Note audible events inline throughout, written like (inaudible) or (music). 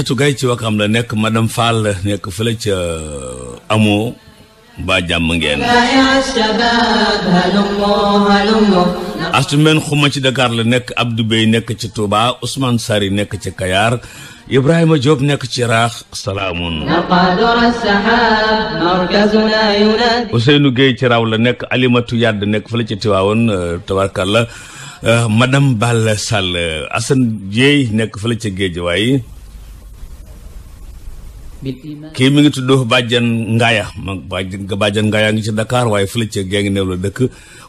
Aïssatou Gaye ci nekk madame Fall la nekk fële ca euh, amoo mbaa jàmm ngeen astu men xuma ci Dakar la nekk ab Bey nekk ci Touba Ousmane Sari nekk ci Kayar Ibrahima Diop nekk ci Raax salaamun Ousseynou Gueye ci raw la nekk Alimatu Yadd nekk fële ca Tiwaawoon euh, tabarkalla euh, madame Balla Sall Assane Dieye nekk fële ca Géejawaay kii mi ngi tudd Badiane Ngaya ma Badiane ngi ci Dakar waaye fële ca gaa new la dëkk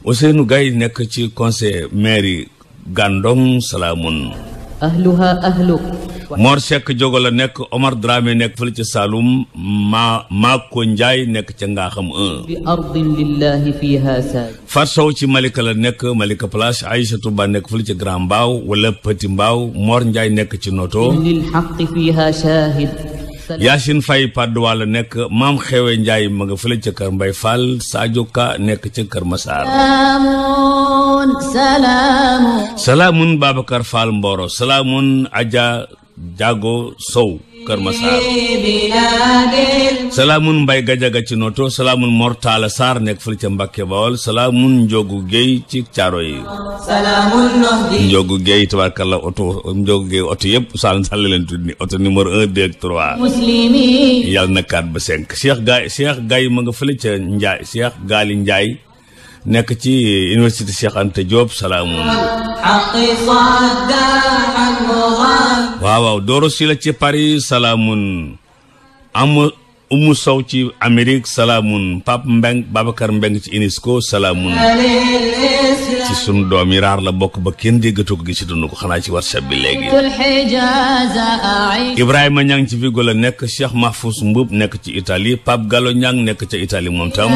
Ousseynou gay nekk ci conseil mairie Gandon Salamun ahluha ahluk Mor Seck Jogo la nekk Omar Dramé nekk fële ca Saloum ma Mako nekk ca Ngaaxam 1 bi ardin ci Malika la nekk Malika Place Aïssatou Ba nekk fële ca Grand Mbaaw wala Petit Mbaaw Mor Ndiaye nekk ci Noto lil haqq fiha shahid Yacine Faye Padois la nekk maam xewe Ndiaye ma nga Mbay Fall Sadio Ka nekk ca kër Massar. salaamun salaamun Babacar Fall Mboro salaamun Adja Diago Sow Kër Massar salaamun Mbay Gajaga ci Noto salaamun Mortala Sarr nekk fële ca Mbàkke Bawol salaamun Njogu Géey ci Caaro yi Njogu Géey tabaarkalla oto Njogu Géey oto yëpp sal sàll leen tudd oto numéro un deux trois yàlla na quatre ba cinq Cheikh Gaay Cheikh Gaay ma nga fële nekk ci université Cheikh waaw waaw Doro Sylla ci salaamun am Sow ci Amérique salaamun Pape Mbeng Babacar Mbeng ci UNESCO salaamun ci sunu doom yi raar la bokk ba kenn déggatu ko gisatuñu ko xanaa ci whatsapp bi léegi Ibrahima Niang ci Vigo la nekk Cheikh Mahfous Mbuub nekk ci Italie Pape Gallo Niang nekk ca itali moom tam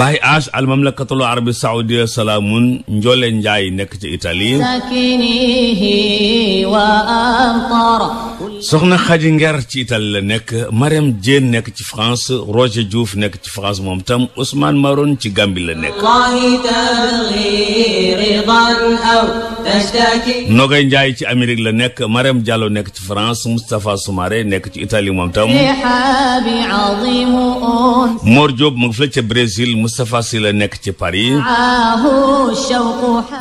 Baye Ash al mamlakatul arabi saoudia salaamun Njoole Njaay nekk ci ca Italie soxna Xaji Nger ci Italie la nekk Mariam Diène nekk ci France Roger Diouf nekk ci France moom tam Ousmane Maron ci Gambie la nekk Nogay Njaay ci amerik la nekk Marème jalo nekk ci France Moustapha Soumaré nekk ci Italie moom tam Mor Diop mu ngi fële ca Brésil Moustapha Sy la nekk ci Paris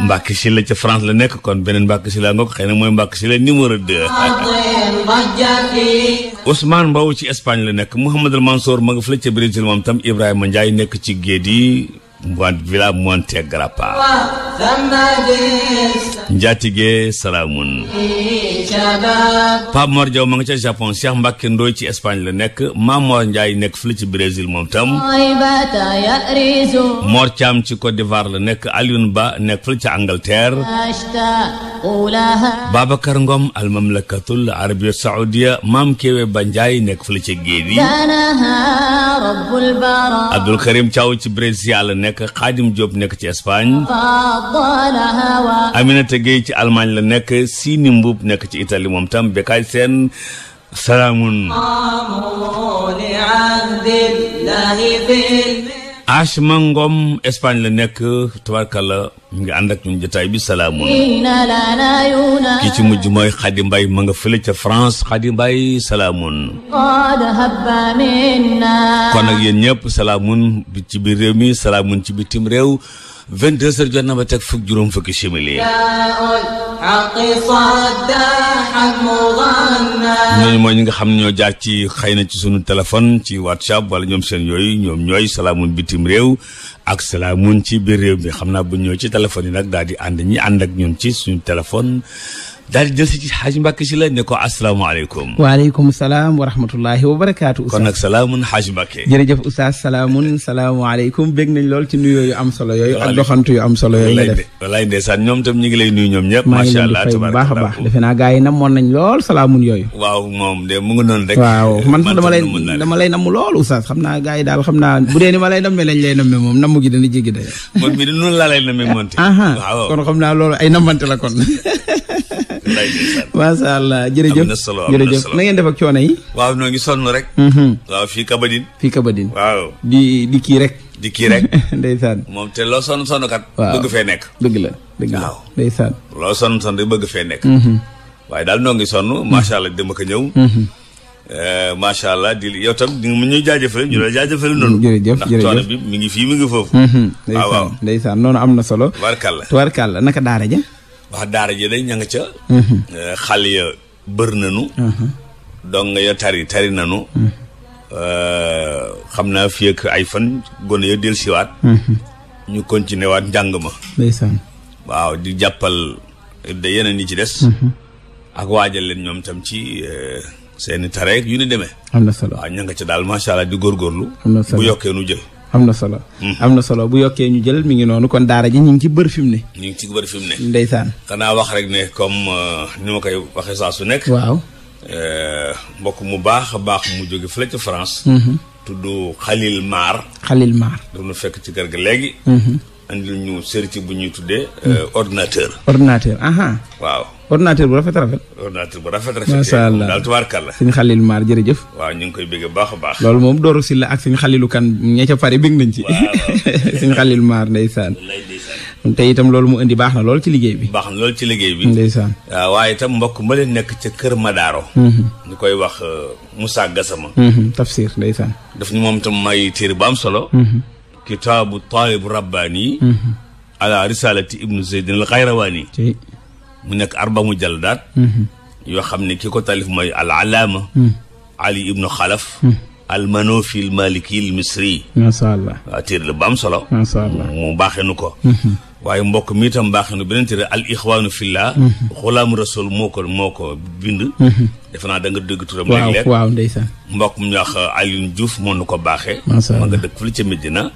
Mbàkke si la ca France la nekk kon beneen Mbàkke si la nga ko xëy na mooy Mbàkke si la numéro 2 (laughs) Ousmane Mbow ci Espagne la nekk Mouhamadou Mansour mu ngi fële ca Brésil moom tam Ibrahima nekk ci Guédi moon Monte Grappa njaatige salaamun Pape Mor Diaw ma ca Japon Cheikh Mbacke Ndoy ci Espagne la nekk Mamor Ndiaye nekk fële ci Brésil moom tam Mor Thiam ci Côte d'Ivoire la nekk Alioune Ba nekk fële ci Angleterre Babacar Ngom al Ba nekk fële ci Guédi Abdoul Karim Thiaw ci Brésil la nekk Khadim Diop nekk ci Espagne Aminata Konaté ci almaañ la nekk siini Mbuub nekk ci itali moom tam Bekaay Seen salaamun Achma Ngom Espagne la nekk tabarkalla mu ngi ànd ak ñun jotaay bi salaamun ki ci mujj mooy Xadi Mbay ma nga fële ca France Xadi Mbay salaamun kon nag yéen ñëpp salaamun ci biir réew mi salaamun ci bitim réew 22 heures jot na ba teg fukk juróom fukki simili ñooñu mooy ñi nga xam ne ñoo jaar ci xëy na ci sunu téléphone ci whatsapp wala ñoom seen yooyu ñoom ñooy salaamun bitim réew ak salaamun ci biir réew mi xam naa bu ñëw ci téléphone yi nag daal di ànd ñi ànd ak ñoom ci suñu téléphone daal di jël si ci xaaji Mbàkke si la ne ko asalaamaaleykum waaleykum salaam wa rahmatullahi wa barakaatu oustaz kon nag salaamun xaaji Mbàkke jërëjëf oustaz salaamun salaamaaleykum bég nañ lool ci nuyoo yu am solo yooyu ak yu am solo yooyu nga def ñoom tam ñu ngi lay nuyu ñoom ñëpp macha allah bu a baax defe naa gars yi namoon nañ lool salaamun waaw moom de mu ngi noonu rek waaw man sax lay dama lay lool oustaz xam naa gars yi daal xam naa bu dee ni ma lay namme lañ lay namme moom namm gi dana jéggi day moom mi di laa lay namme moonte waaw kon xam naa loolu ay nammante la kon (laughs) macha allah jërëjëf jërëjëf na ngeen def ak coono yi. waaw ñoo ngi sonn rek. Mhm. waaw fii Kabadin. fii Kabadin waaw. di di kii rek. di kii rek. (laughs) ndeysaan moom te loo sonn sonn kat. waaw bëgg fee nekk. dëgg la dëgg la waaw ndeysaan. loo sonn sonn rek bëgg fee nekk. Mhm. waaye daal noo ngi sonn mhm. macha allah dama ko ñëw. Eh, macha allah di yow tam di ñu jaajëfal ñu la jaajëfal noonu. jërëjëf jërëjëf ndax coono bi mi ngi fii mu ngi foofu. Ah, waaw waaw noonu am na solo. tubaarkàlla tubaarkàlla naka daara ja waa daara ji day ña nga ca mhm. eh, xal ya bër nanu mhm. dong ya tari tari nanu mhm. eh, xam naa fi ay fan gone ya del siwaat ñu continué waat njàng ma waaw di jàppal da yeneen yi ci des ak waajal leen ñoom tam ci eh, seeni tareek yu nu demee am na solo waaw nga ca daal macha allah di góorgóorlu bu yokkee nu jël am na solo. Mhm. am na solo bu yokkee ñu jël mi ngi noonu kon daara ji ñu ngi ci bër fi mu ne. ñu ngi ci bër fi mu ne. ndeysaan. xanaa wax rek ne comme euh, ni ma koy waxee saa su nekk. waaw. Euh, mbokk mu baax a baax mu jóge fële ca France. Mhm. tudd Khalil Maar. Khalil Maar. doon fekk ci kër ga léegi. Mhm. andil ñu sër ci bu ñuy tuddee. Euh, ordinateur. ordinateur aha waaw. ordinateur bu rafet rafet. ordinateur bu rafet rafet. macha allah daal tubaarkàlla. suñu xalil maar jërëjëf. waaw ñu ngi koy bëgg baax a baax. loolu moom Doro Sylla ak suñu xalilu kan ña ca pare bëgg nañ ci. waaw suñu (laughs) loolu mu indi baax lool ci liggéey bi. baax lool ci liggéey bi. waaye itam mbokk ma leen nekk ca Kër Madaro. Mhm. ñu koy wax euh, Moussa Gassama. Mhm, tafsir ndeysaan. daf ñu moom tam may téere ba am solo. Mhm. kitaabu taalib rabbaani. ala risalati ibnu zeydin al xayrawaani mu nekk arba mujaldaat mhm. yoo xam ne ki ko talif mooy al alaama mhm. ali ibnu xalaf mhm. al manofi al maliki al misri macha allah waaw téere la ba am solo macha allah mu baaxee nu ko waaye mbokk mi itam baaxee nu beneen téere al ixwaanu fillah xulaamu rasul moo ko moo ko bind defanaa naa da nga dëgg turam. léeg-léeg waaw waaw ndeysaan. mbokk mu ñu wax uh, Alioune Diouf moo nu ko baaxee. macha allah ma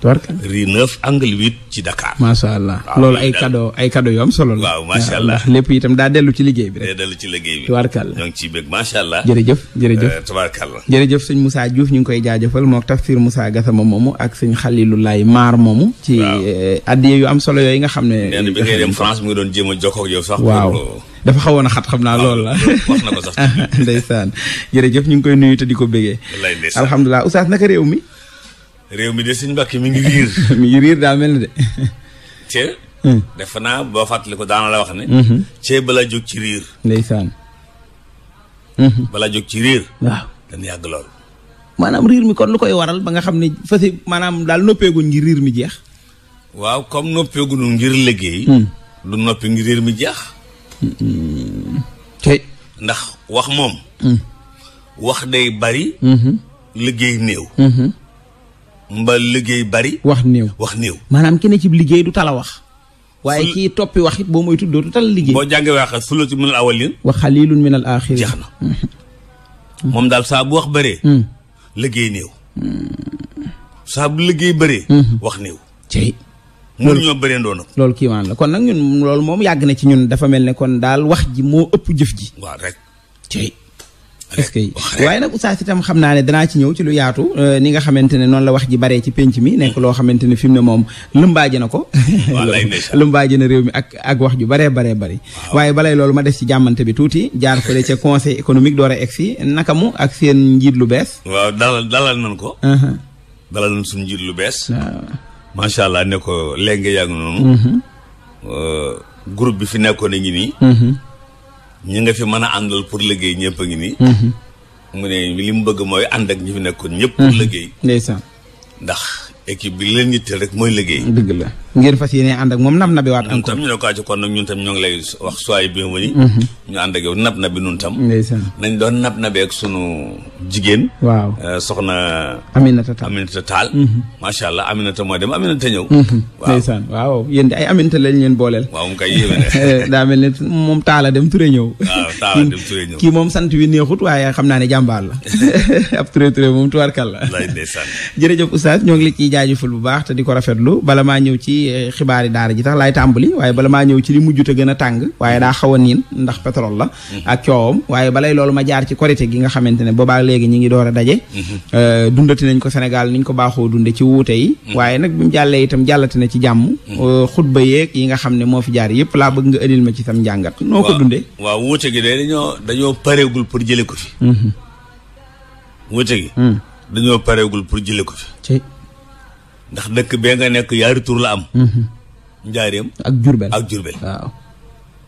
nga dëkk ci Dakar. macha allah loolu ay cadeau ay cadeau yu am solo la. waaw macha allah itam daa dellu ci liggéey bi rek. day dellu ci liggéey bi. tubaarkàlla ñoo ngi ciy bëgg macha jërëjëf jërëjëf uh, tubaarkàlla. jërëjëf sëñ Diouf ñu ngi koy jaajëfal mook tafsir Moussa Gassama moomu ak sëñ Xalilu Laay Maar moomu. ci uh, addiye yu am solo yi nga xam ne. bi France mu ngi doon jéem a jokkoo ak yow sax. waaw dafa xawoon a xat xam naa lool la ah, wax na ko ah, jërëjëf ñu ngi koy nuyu te di ko bégee alhamdulilah na naka réew mi réew mi de suñ mbàkki mi ngi riir (laughs) mi ngi riir daa mel na de te hmm. defe boo fàttali ko daana la wax ne hmm. balaa jóg ci riir ndeysaan hmm. balaa jóg ci riir waaw dañu yàgg loolu maanaam riir mi kon lu koy waral ba nga xam ne fasi maanaam daal noppeeguñ ngir riir mi jeex waaw comme noppeeguñu ngir liggéey du noppi ngir riir mi jeex tey ndax wax moom hmm. wax day bari mm-hmm. liggéey néew mm-hmm. mba liggéey bari wax néew wax néew maanaam ki ne ci liggéey du tal a wax waaye kii toppi wax it boo moytu dootu tal liggéey boo jàngee wax sulatu minal awalin wa xalilun minal axirin jeex na mm-hmm. moom daal saa bu wax bëree mm. liggéey néew mm. saa bu liggéey bëree wax néew tey loolu ñoo bëree ndoon loolu kiimaan la kon nag ñun loolu moom yàgg na ci ñun dafa mel ne kon daal wax ji moo ëpp jëf ji. waaw rek waaye nag oustaz itam xam naa ne danaa ci ñëw ci lu yaatu euh, ni nga xamante ne noonu la wax ji baree ci penc mi nekk loo xamante ne fi mu ne moom lëmbaaji na ko (laughs) na réew mi ak ak wax ju baree baree bari waaye balay loolu ma def ci jàmmante bi tuuti jaar fële ca conseil économique door a egsi naka mu ak seen njiit lu bees waaw dalal dalal nañ ko uh-huh. dalal nañ suñu njiit lu bees macha allah ne ko léegi yaa ngi noonu. Mhm. Euh, groupe bi fi nekkoon a ngi nii. Mhm. ñi nga fi mën a àndal pour liggéey ñëpp a ngi nii. Mhm. mu ne li mu bëgg mooy ànd ak ñi fi nekkoon ñëpp. pour ndax équipe bi leen yitteel rek mooy liggéey. dëgg la. ngir fas yéene ànd ak moom nab nabi waat. encore ñun tam ñu ne ko ci kon nag ñun tam ñoo ngi lay wax suwaay bi mu ni ñu ànd ak yow nab nabi nun tam. ndeysaan nañ doon nab Taal euh, Aminata Taal. macha mhm. allah Aminata moo dem Aminata mhm. waaw ndeysaan waaw yéen ay lañ leen booleel. waaw mu (laughs) eh, mel ne moom Taala dem dem Touré ñëw. kii moom sant wi neexut waaye xam naa ne jàmbaar la (laughs) ab Touré Touré moom tubaarkal la. wallaay ndeysaan. (laughs) jërëjëf oustaz ñoo ngi la ciy jaajëfal bu baax te di ko rafetlu bala maa ñëw ci ci eh, xibaari daara ji tax laay tàmbali waaye bala maa ñëw ci li mujj te gën a tàng waaye daa xaw a niin ndax pétrole la mm-hmm. ak coowam waaye balay loolu ma jaar ci korité gi nga xamante ne boobaa léegi ñi ngi door a daje mm-hmm. eh, dundati nañ ko Sénégal niñ ko baaxoo dunde ci wuute yi mm-hmm. waaye nag bi mu jàllee itam jàllati na ci jàmm eh, xutba yeeg yi nga xam ne moo fi jaar yëpp laa bëgg nga indil ma ci tam njàngat noo ko dundee waaw wuute gi de dañoo dañoo pareegul pour jële ko fi wuute gi mm. dañoo pareegul pour jële ko ndax dëkk bee nga nekk yaari la am. Mhm. njaareem ak jurbel ak jurbel waaw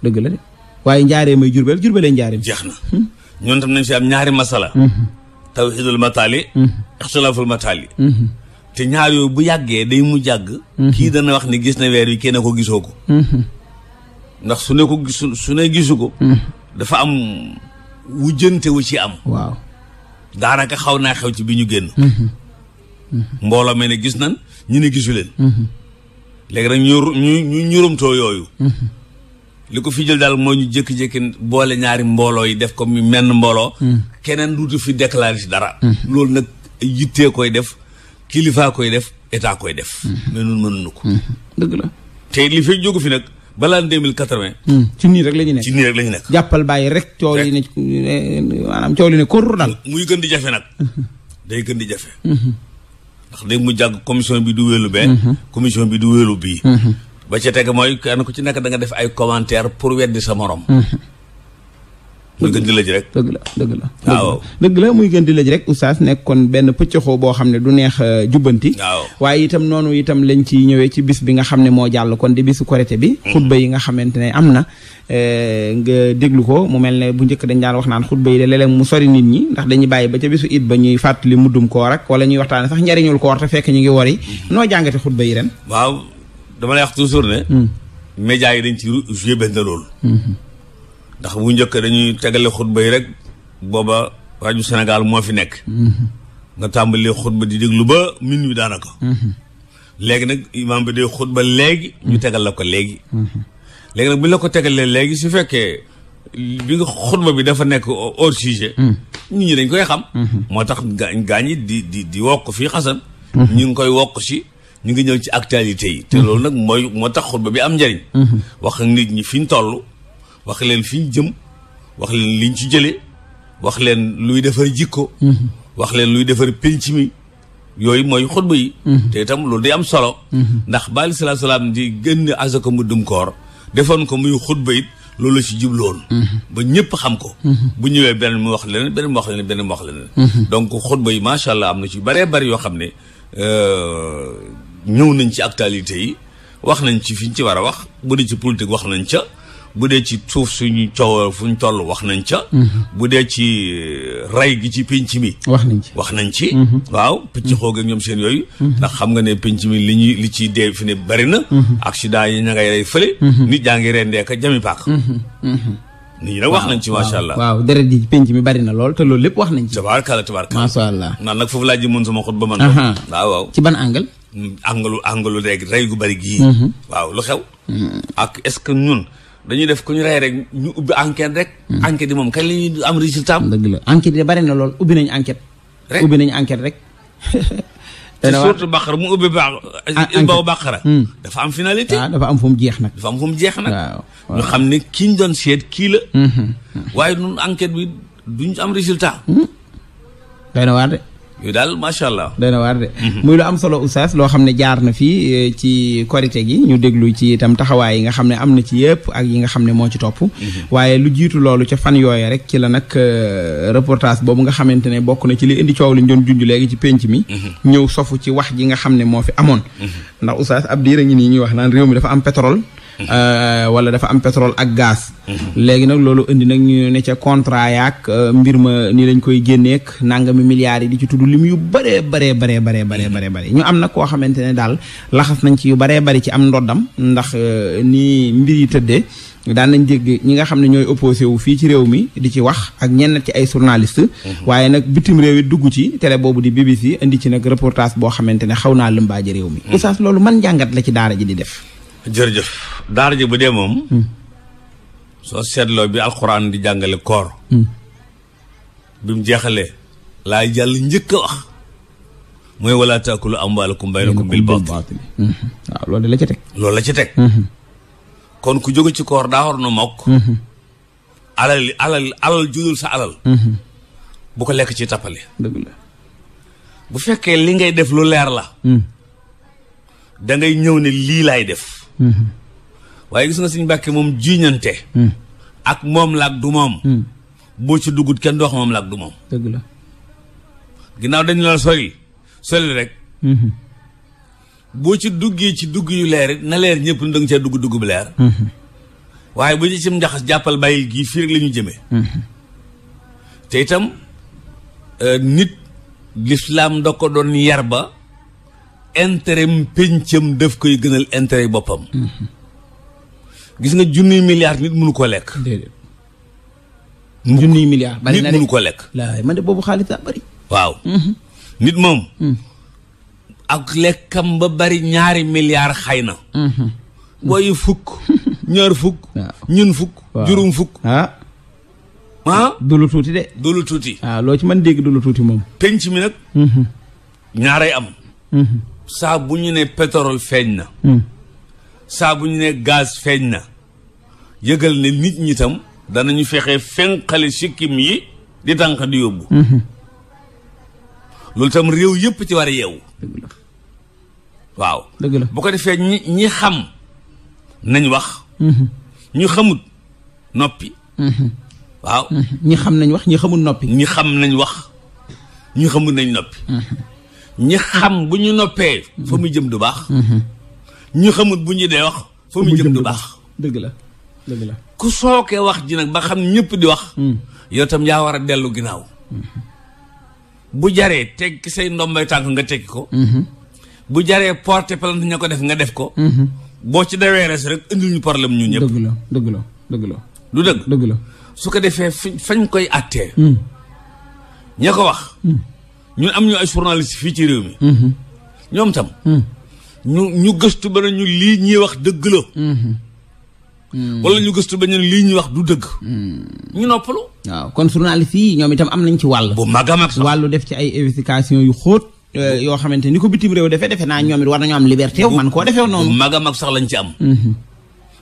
dëgg la de waaye njaareem ay jurbel jurbelee njaareem. jeex na hmm. ñoo tam nañ si am ñaari masala. Mhm. tawxiidul mataali. Mhm. ixtilaaful mataali. te ñaar bu yàggee day mu jàgg. kii dana wax ni gis na weer yi kenn ne ko gisoo ko. ndax su ne ko gisu su ne gisu ko. dafa am wujjante ci am. waaw daanaka xaw naa xew ci bi ñu génn. mbooloo me ne gis nan ñu ne gisu leen léegi nag ñu ñu ñu ñurumtoo yooyu li ko fi jël daal mooy ñu jékki-jékki boole ñaari mbooloo yi def ko mi menn mbooloo keneen duutu fi déclaré ci dara loolu nag yittee koy def kilifaa koy def état koy def mais nun mënuñu ko dëgg la te li fi jógu fi nag balaa deux mille quatre-vingt ci nii rek la ñu nekk ci nii rek la ñu nekk jàppal bàyyi rek coow li ne maanaam coow li ne kor daal muy gën di jafe nag day gën di jafe ndax day mu jàgg commission bi du wéelu bee mhm. commission bi du wéelu bi mhm. ba ca teg mooy kenn ku ci nekk da nga def ay commentaire pour weddi sa morom mhm. muy gën di lëj rek dëgg la dëgg la ah, dëgg la muy gën di lëj rek oustaz nekk kon benn pëccëxoo boo xam ne du neex euh, jubbanti ah, waaw waaye itam noonu itam lañ ci ñëwee ci bis bi nga xam ne moo jàll kon di bisu korité bi mm-hmm. xutba yi nga xamante ne am na euh, nga déglu ko mu mel ne bu njëkk dañ daan wax naan xutba yi de léeg mu sori nit ñi ndax dañu bàyyi ba ca bisu it ba ñuy fàttali muddum ko rek wala ñuy waxtaane sax njariñul koor te fekk ñu ngi wari mm-hmm. noo jàngate xutba yi ren waaw dama wax toujours ne mm. média yi dañ ci joué benn ndax bu njëkk dañuy tegale xutba yi rek booba rajo Sénégal moo fi nekk nga tàmbali xutba di déglu ba min wi daanaka léegi nag imaam bi day xutba léegi ñu tegal la ko léegi léegi nag bu la ko tegalee léegi su fekkee bi nga xutba bi dafa nekk hors sujet nit ñi dañ koy xam moo tax gaañ gaañ yi di di di wokk fii xasan ñu ngi koy wokk si ñu ngi ñëw ci actualité yi te loolu nag mooy moo tax xutba bi am njëriñ wax ak nit ñi fi ñu wax leen fi ñu jëm wax leen liñ ci jëlee wax leen luy defar jikko wax leen luy defar pénc mi yooyu mooy xutba yi te itam loolu day am solo ndax baali salaa salaam di génn asaka mu dum koor defoon ko muy xutba it loolu ci jubloon ba ñëpp xam ko bu ñëwee benn mu wax leneen benn mu wax leneen benn mu wax leneen donc xutba yi macha allah am na ci bëree bëri yoo xam ne euh, ñëw nañ ci actualité yi wax nañ ci fi ñu ci war a wax bu dee ci politique wax nañ ca bu dee ci suuf suñu coow fu ñu toll wax nañ ca. Mhm. bu dee ci euh, rey gi ci penc mi. wax nañ ci wax nañ ci. Mhm. waaw picc xoog ak ñoom seen yooyu. Mhm. ndax xam nga ne penc mi li ñuy li ciy dee fi ne bari na. accident yi ña ngay rey fële. nit yaa ngi rendee ka jami paak. nit ñi nag wax nañ ci macha allah waaw deret ji penc mi bari na lool te loolu lépp wax nañ ci. tabaarkalla tabaarkalla macha allah. naan nag foofu laa ji mën sama xut ba man. waaw waaw ci ban angle. Hmm, angle angle rek rey gu bari lu xew. Hmm. ak est-ce que ñun. dañuy def ku ñu rey rek ñu ubbi enquête rek. Hmm. enquête yi moom kañ la ñuy am résultat am. dëgg la enquête yi bari na lool ubbi nañu enquête. rek ubbi nañu enquête rek. (laughs) te surtout Baqara mu ubbi baax. Ah, Isbaw Baqara. Hmm. dafa am finalité. Ah, dafa am fu mu jeex nag. dafa am fu mu jeex nag. ñu xam ne ki ñu doon seet kii la. Hmm, waaye ñun enquête bi duñ am résultat. doy na waar de. yooyu daal macha allah. dana waar de. Mhm. muy lu am solo oustaz loo xam ne jaar na fii eh, ci korite gi ñu déglu ci itam taxawaay yi nga xam ne am na ci yëpp ak yi nga xam ne moo ci topp. Mhm. waaye lu jiitu loolu ca fan yooya rek ci la nag eh, reportage boobu nga xamante ne bokk na ci li indi coow li ñu doon junj léegi ci penc mi. Mhm. ñëw sofu ci wax ji nga xam ne moo fi amoon. ndax oustaz ab diir a ngi nii ñuy wax naan réew mi dafa am pétrole. Euh, wala dafa am pétrole ak gaz léegi nag loolu indi nag ñu ne ca contrat yaak euh, mbir ma ni lañ koy génneek mi milliards yi di ci tudd lim yu bëree bëree bëree bëree bëree bëree bëri ñu am nag koo xamante ne daal laxas nañ ci yu bëree bëri ci am ndoddam ndax euh, ni mbir yi tëddee daan nañ dégg ñi nga xam ne ñooy opposé wu fii ci réew mi di ci wax ak ñenn ci ay journaliste mhm. waaye nag bitim réew dugg ci télé boobu di BBC indi ci nag reportage boo xamante ne xaw naa lëmbaaji réew mi mhm. oustaz loolu man njàngat la ci daara ji di def jërëjëf daara ji bu dee moom. Hmm. soo seetloo bi alxuraan di jàngale koor. Hmm. bi mu jeexalee. laay jàll njëkk a wax. mooy wala taakulu amwaalakum baynakum bil baatil. Hmm. waaw loolu la ci teg. loolu la ci teg. kon ku jóge ci koor daa war na mokk. alal alal alal sa alal. bu ko lekk ci tappale. bu fekkee li ngay def lu leer la. dangay ñëw ni lii laay def. Mm-hmm. waaye gis nga sëñ Mbàkke moom jiiñante mm. ak moom la ak du moom mm. boo ci duggut kenn du moom la ak du moom la ginnaaw dañ la sori sori rek mm-hmm. boo ci duggee ci dugg yu leer na leer ñëpp ni danga cee dugg dugg bu leer mm-hmm. waaye bu ñu ci njaxas jàppal bàyyi gii fii rek la ñu jëmee te itam euh, nit lislaam da ko doon yar ba intérêt péncam daf koy gënal yi boppam. gis nga junniy milliards nit mënu koo lekk. déedéet. junniy milliards. bari na nit mënu ko lekk. man de boobu xaalis daa bari. waaw. Mhm. nit moom. Mhm. ak lekkam ba bari ñaari milliards xay na. Mhm. booy fukk. (laughs) ñaar fukk. ñun fukk. juróom fukk. ah. ah? tuuti de. du tuuti. waaw ah, loo ci man dégg du tuuti moom. penc mi nag. ñaaray am. saa bu ñu ne pétrole feeñ na hmm. saa bu ñu ne gaz feeñ na yëgal ne nit ñi tam danañu fexe fenqale sikkim yi di tànq di yóbbu hmm. loolu tam réew yëpp ci war a yeewu waaw dëgg la bu ko defee ñi ñi xam nañ wax hmm. ñu xamut noppi waaw ñi xam nañ wax ñi xamul noppi ñi xam nañ wax ñi xamul nañ noppi ñi xam bu ñu noppee fa muy jëm du baax ñu xamut bu ñu dee wax fa muy jëm du baax dëgg la dëgg la ku sookee wax ji nag ba xam ñëpp di wax hmm. yow tam yaa war a dellu ginnaaw bu jaree tekki say ndombay tànk nga teg ko hmm. bu jaree porté plainte ña ko def nga def ko hmm. boo ci dawee res rek indi ñu problème ñu ñëpp dëgg la du dëgg su ko defee fañ koy attee ña ko wax ñun am ñu ay journaliste fii ci réew mi. Mhm. ñoom tam. Mhm. ñu gëstu ba ne ñu lii ñuy wax dëgg la. Mhm. ñu gëstu ba ñu lii ñuy wax du dëgg. ñu noppalu. waaw kon journaliste yi ñoom itam am nañ ci wàll. bu mag mag sax wàllu def ci ay investigation yu xóot. Euh, yoo xamante ni ko bitim réew defee defe naa ñoom war nañoo am liberté. man koo defee noonu bu mag sax lañ ci am.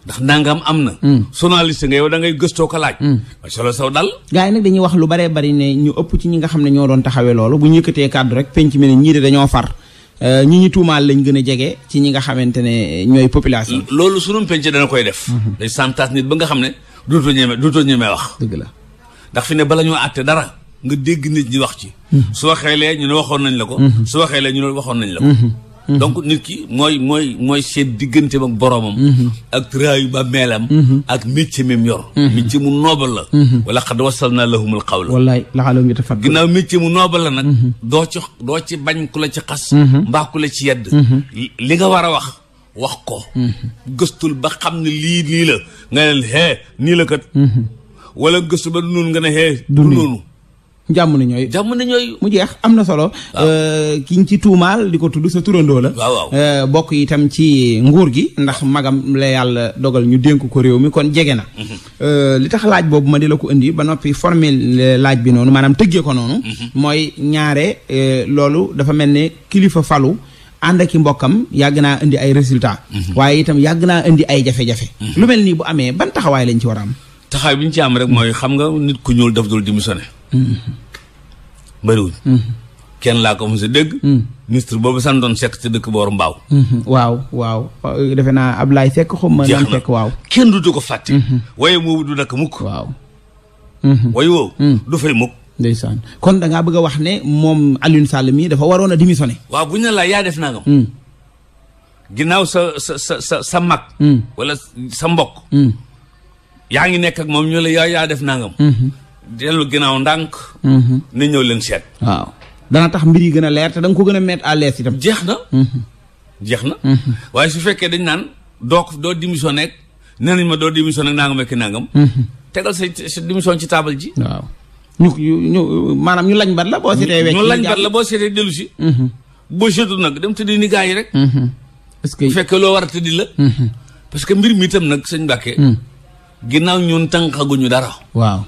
ndax nangam am na. Hmm. journaliste nga yow da ngay gëstoo ko laaj. waaye hmm. solo saw dal. gars yi nag dañuy wax lu baree bari ne ñu ëpp ci ñi nga xam ne ñoo doon taxawee loolu bu ñu yëkkatee kàddu mi ne ñii de dañoo far. Euh, ñi ñu tuumaal lañ gën a jege ci ñi nga xamante ne ñooy population. loolu sunum penc dana koy def. Hmm. day santaas nit ba nga xam ne duutoo ñeme duutoo ñeme wax. dëgg la ndax fi ne bala ñoo àtte dara nga dégg nit ñi wax ci. soo waxee lee ñu ne waxoon nañ la ko. soo xeelee lee ñu ne waxoon nañ la ko. Mm-hmm. donc nit ki mooy mooy mooy seen diggante mm-hmm. ak boromam. ak traayu ba meelam. Mm-hmm. ak métier mi yor. métier mu noobal la. wala xad wasalna lahumul qawla. wallaay laxaalum yatafakkaruun ginnaaw métier mu noobal la nag. doo ci doo ci bañ ku la ci xas. mbaa ku la ci yedd. li nga war a wax. wax ko. gëstul ba xam ne lii nii la nga ne hee nii la kat. wala gëstu ba du noonu nga ne hee. du noonu. jàmm na ñooy. jàmm na mu jeex am na solo. Euh, kiñ ci tuumaal di ko tudd sa turandoo la. waaw euh, bokk itam ci nguur gi ndax magam la yàlla dogal ñu dénk ko réew mi kon jege na. Mhm. Euh, li tax laaj boobu ma di la ko indi ba noppi formé laaj bi noonu maanaam tëggee ko noonu. Mhm. mooy ñaare loolu dafa mel ne kilifa falu. ànd ak i mbokkam yàgg naa indi ay résultat mhm. waaye itam yàgg naa indi ay jafe-jafe. lu mel nii bu amee ban taxawaay lañ ci war a am. taxawaay bi ñu ci am rek mooy xam nga nit ku ñuul daf dul démissionné. Mm-hmm. bëriwuñ mm-hmm. kenn laa ko mos a dégg. Mm-hmm. ministre boobu santoon Seck ci dëkk booru Mbaaw. waaw waaw uh, defe naa Ablaye Seck xaw ma. jeex na waaw kenn dutu ko fàtte. waaye moomu du naka mukk. waaw. waaye woowu. Mm. du kon da bëgg a wax ne moom Alioune Sall mii dafa waroon a démissionné. waaw bu ñu ne laa yaa def naa ngam. Mm. ginnaaw sa sa sa sa sa mag. Mm. wala sa mbokk. yaa ngi nekk ak moom ñu la yaa yaa def naa ngam. dellu ginnaaw ndànk. Mhm. na ñëw leen seet. waaw dana tax mbir yi gën a leer te da ko gën a mettre à l'aise itam. jeex na. Mhm. jeex na. Mhm. waaye su fekkee dañ naan doo doo démissionné nekk nee nañ ma doo démissionné ak nangam ak nangam. tegal sa sa démission ci taabal ji. waaw ñu ñu maanaam ñu lañ bat la boo seetee. wecc la boo seetee dellu si. boo seetul nag dem tëddi ni gaa yi rek. est-ce que fekkee loo war a tëddi la. parce que mbir mi itam nag sëñ Mbàkke. ginnaaw ñun tànqaguñu dara. waaw.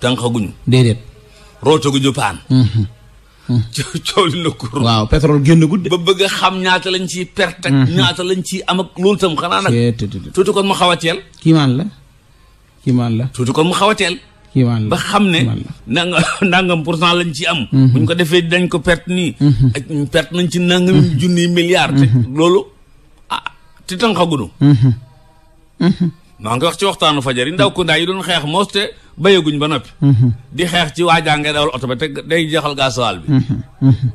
tànqaguñu déedéet rootaguñu paan mhm. Mhm. (laughs) coow li na kur waaw pétrole génn gudde ba bëgg xam ñaata lañ ci perte ak mhm. ñaata lañ ci am ak loolu tam xanaa nag tuuti kon mu xaw a teel kii maan la kii la tuuti kon mu xaw a teel kii ba xam ne nanga (laughs) nangam pourcent lañ ci am buñ ko defee dañ ko perte nii perte nañ ci nangami junniy milliards te loolu ah te tànqaguñu maa ngi wax ci waxtaanu fajar yi ndaw ku ndaa yi doon xeex mooste bayaguñ ba noppi mhm. di xeex ci waajaa ngay dawal oto ba te day jeexal gasoil bi mhm. Mhm.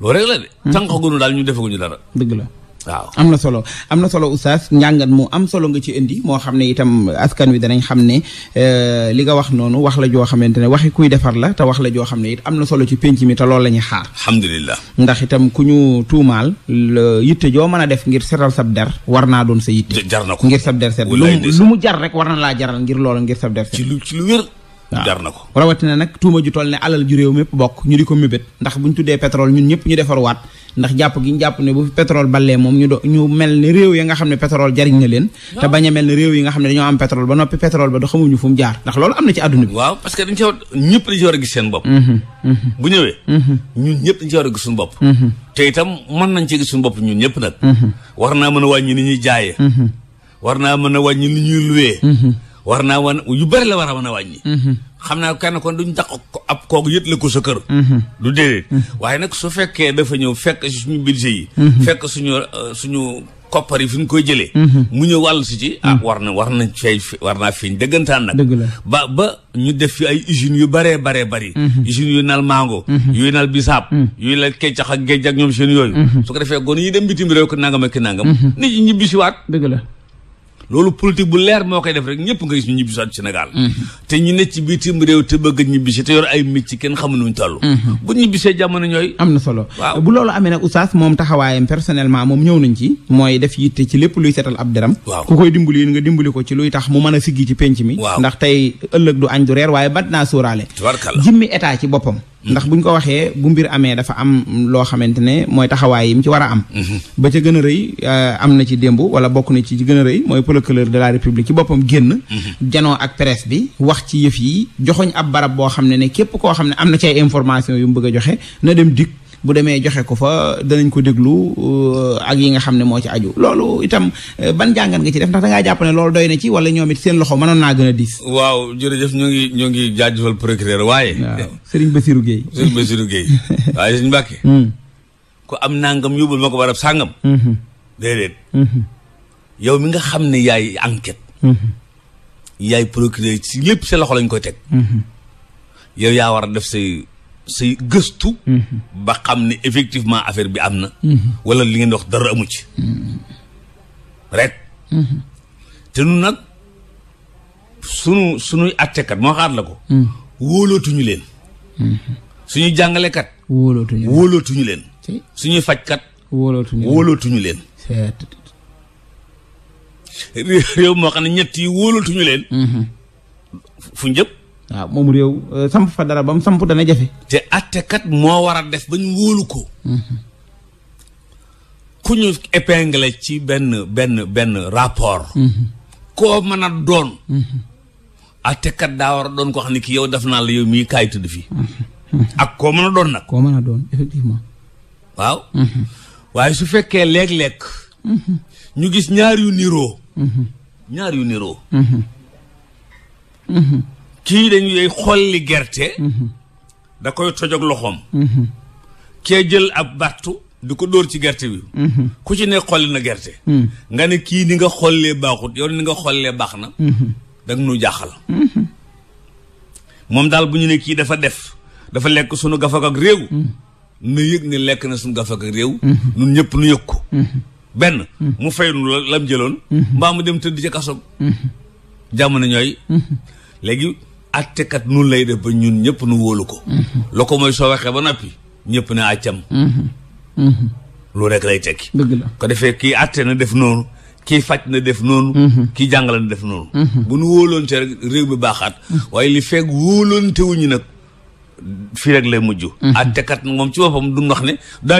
loolu rek la de tànqagunu daal ñu defaguñu dara dëgg la waaw am na solo am na solo oustaz njàngat mu am solo nga ci indi moo xam ne itam askan wi danañ xam ne euh, li nga wax noonu wax la joo xamante ne waxi kuy defar la te wax la joo xam ne it am na solo ci pénc mi ta loolu la ñuy xaar alhamdulilah ndax itam ku ñu tuumaal yitte joo mën a def ngir setal sab der war naa doon sa yitte jar na ko ngir sab der set lu mu jar rek war na laa jaral ngir loolu ngir sab der set ci lu ci lu wér jar na ko rawatina nag tuuma ju toll ne alal ju réew mépp bokk ñu di ko mébét ndax buñ tuddee pétrole ñun ñëpp ñu defaruwaat ndax jàpp gi ñu jàpp ne bu fi ballee moom ñu do ñu mel ne réew yi nga xam ne pétrole jariñ na leen te bañ a mel ne réew yi nga xam ne dañoo am pétrole ba noppi pétrole ba da xamuñu fu jaar ndax loolu am na ci àdduna bi waaw parce que dañ ci war a gis seen bopp mm-hmm. Mm-hmm. bu ñëwee mm-hmm. ñun ñëpp dañ ci war a gis suñu bopp te itam mën nañ ci gis suñu bopp ñun ñëpp nag war naa mën a wàññi ni ñuy jaayee war naa mën a wàññi ni ñuy luwee war naa wan yu bëri la war a mën a wàññi. Mhm. xam naa kenn kon duñ daq ko ab kooku yët la ko sa kër. Mhm. du déedéet. Mhm. waaye nag su fekkee dafa ñëw fekk suñu budget yi. fekk suñu euh, suñu koppar yi fi ñu koy jëlee. mu ñëw wàll si ci. ah war na war nañ fay war naa feeñ dëggantaan nag. dëgg la ba ba ñu def fi ay usines yu bëree baree bëri. usines yu nal mango. yu nal bisaab. yu nal keccax ak géej ak ñoom seen yooyu. su ko defee gon yi dem bitim réew ko nangam ak ki nangam. nit ñi ñibbisiwaat dëgg la. loolu politique bu leer moo koy def rek ñëpp nga gis ñu ñibbi si mm-hmm. te ñu ne ci bitim réew te bëgg a ñibbisi te yor ay métier kenn xamu nuñ toll mm-hmm. bu ñibbisee jamono ñooy am na solo waaw bu loolu amee na oustaz moom taxawaayam personnellement moom ñëw nañ ci mooy def yitte ci lépp luy setal ab deram waaw ku koy dimbali nga dimbali ko ci luy tax mu mën a siggi ci penc mi ndax tey ëllëg du añ du reer waaye bat naa sóoraale jimmi état ci boppam ndax buñ ko waxee bu mbir amee dafa am loo xamante ne mooy taxawaay yi mu ci war a am mhm. ba ca gën a rëy euh, am na ci démb wala bokk na ci gën a rëy mooy procureur de la république ci boppam génn mhm. janoo ak presse bi wax ci yëf yi joxoñ ab barab boo xam ne ne képp koo xam ne am na ci information yu mu bëgg a joxe na dem dik bu demee joxe ko fa danañ ko déglu euh, ak yi nga xam ne moo ci aju loolu itam euh, ban jàngat nga ci def ndax dangaa jàpp ne loolu doy na ci wala ñoom it seen loxo mënoon naa gën a diis. waaw jërëjëf ñoo ngi ñoo ngi jaajëfal procureur waaye. waaw Serigne Bassirou Gueye. Serigne Bassirou (laughs) waaye Serigne Mbacké. Hmm. ku am nangam yóbbul ma ko barab sàngam. Hmm. déedéet. Hmm. yow mi nga xam ne yaay enquête. yaay procureur ci lépp sa loxo lañ koy teg. yow yaa war a def say. say gëstu. Mm-hmm. ba xam ne effectivement affaire bi am na. Mm-hmm. wala li ngeen ndox dara amu ci. Mm-hmm. rek. te nun nag sunu sunuy attekat moo xaar la ko. Mm. wóolootuñu leen. suñuy jàngalekat. wóolootuñu leen wóolootuñu leen. suñuy fajkat. wóolootuñu leen wóolootuñu leen. réew moo xam ne ñett yi wóolootuñu leen. fu njëpp. waaw moom réew euh, samp fa dara ba mu samp dana jafe. te attekat moo war a def ba ñu wóolu ko. Mhm. ku ñu épingle ci benn benn benn rapport. Mhm. koo mën a doon. Mhm. attekat daa war a doon ko xam ne ki yow def naa la yow mii kaay tudd fii. ak koo mën a doon nag. koo mën a doon effectivement. waaw. waaye su fekkee léeg-léeg. ñu gis ñaar yu niroo. ñaar yu niroo. kii dañu yey xolli gerte mhm. da koy tojog loxoom mhm. kee jël ab battu di ko dóor ci gerte bi mhm. ku ci ne xolli na gerte nga ne kii ni nga xollee baaxut yow ni nga xollee baax na danga nu jaaxal moom daal bu ñu ne kii dafa def dafa lekk sunu gafak ak réew nu yëg ne lekk na suñu gafak ak réew nun ñëpp nu yëg benn mu fay nu lam jëloon mbaa mu dem tëdd ca kaso jamono ñooy léegi attekat nun lay def ba ñun ñëpp nu wóolu ko mhm. la ko mooy soo waxee ba noppi ñëpp ne àccam mhm. Mhm. lu rek lay tekki dëgg ko defee kii atte na def noonu kii faj na def noonu kii jàngale na def noonu bu nu wóoloonte rek réew bi baaxaat waaye li fekk wóoloonte wuñu nag fii rek lay mujj attekat moom ci boppam duñ wax ne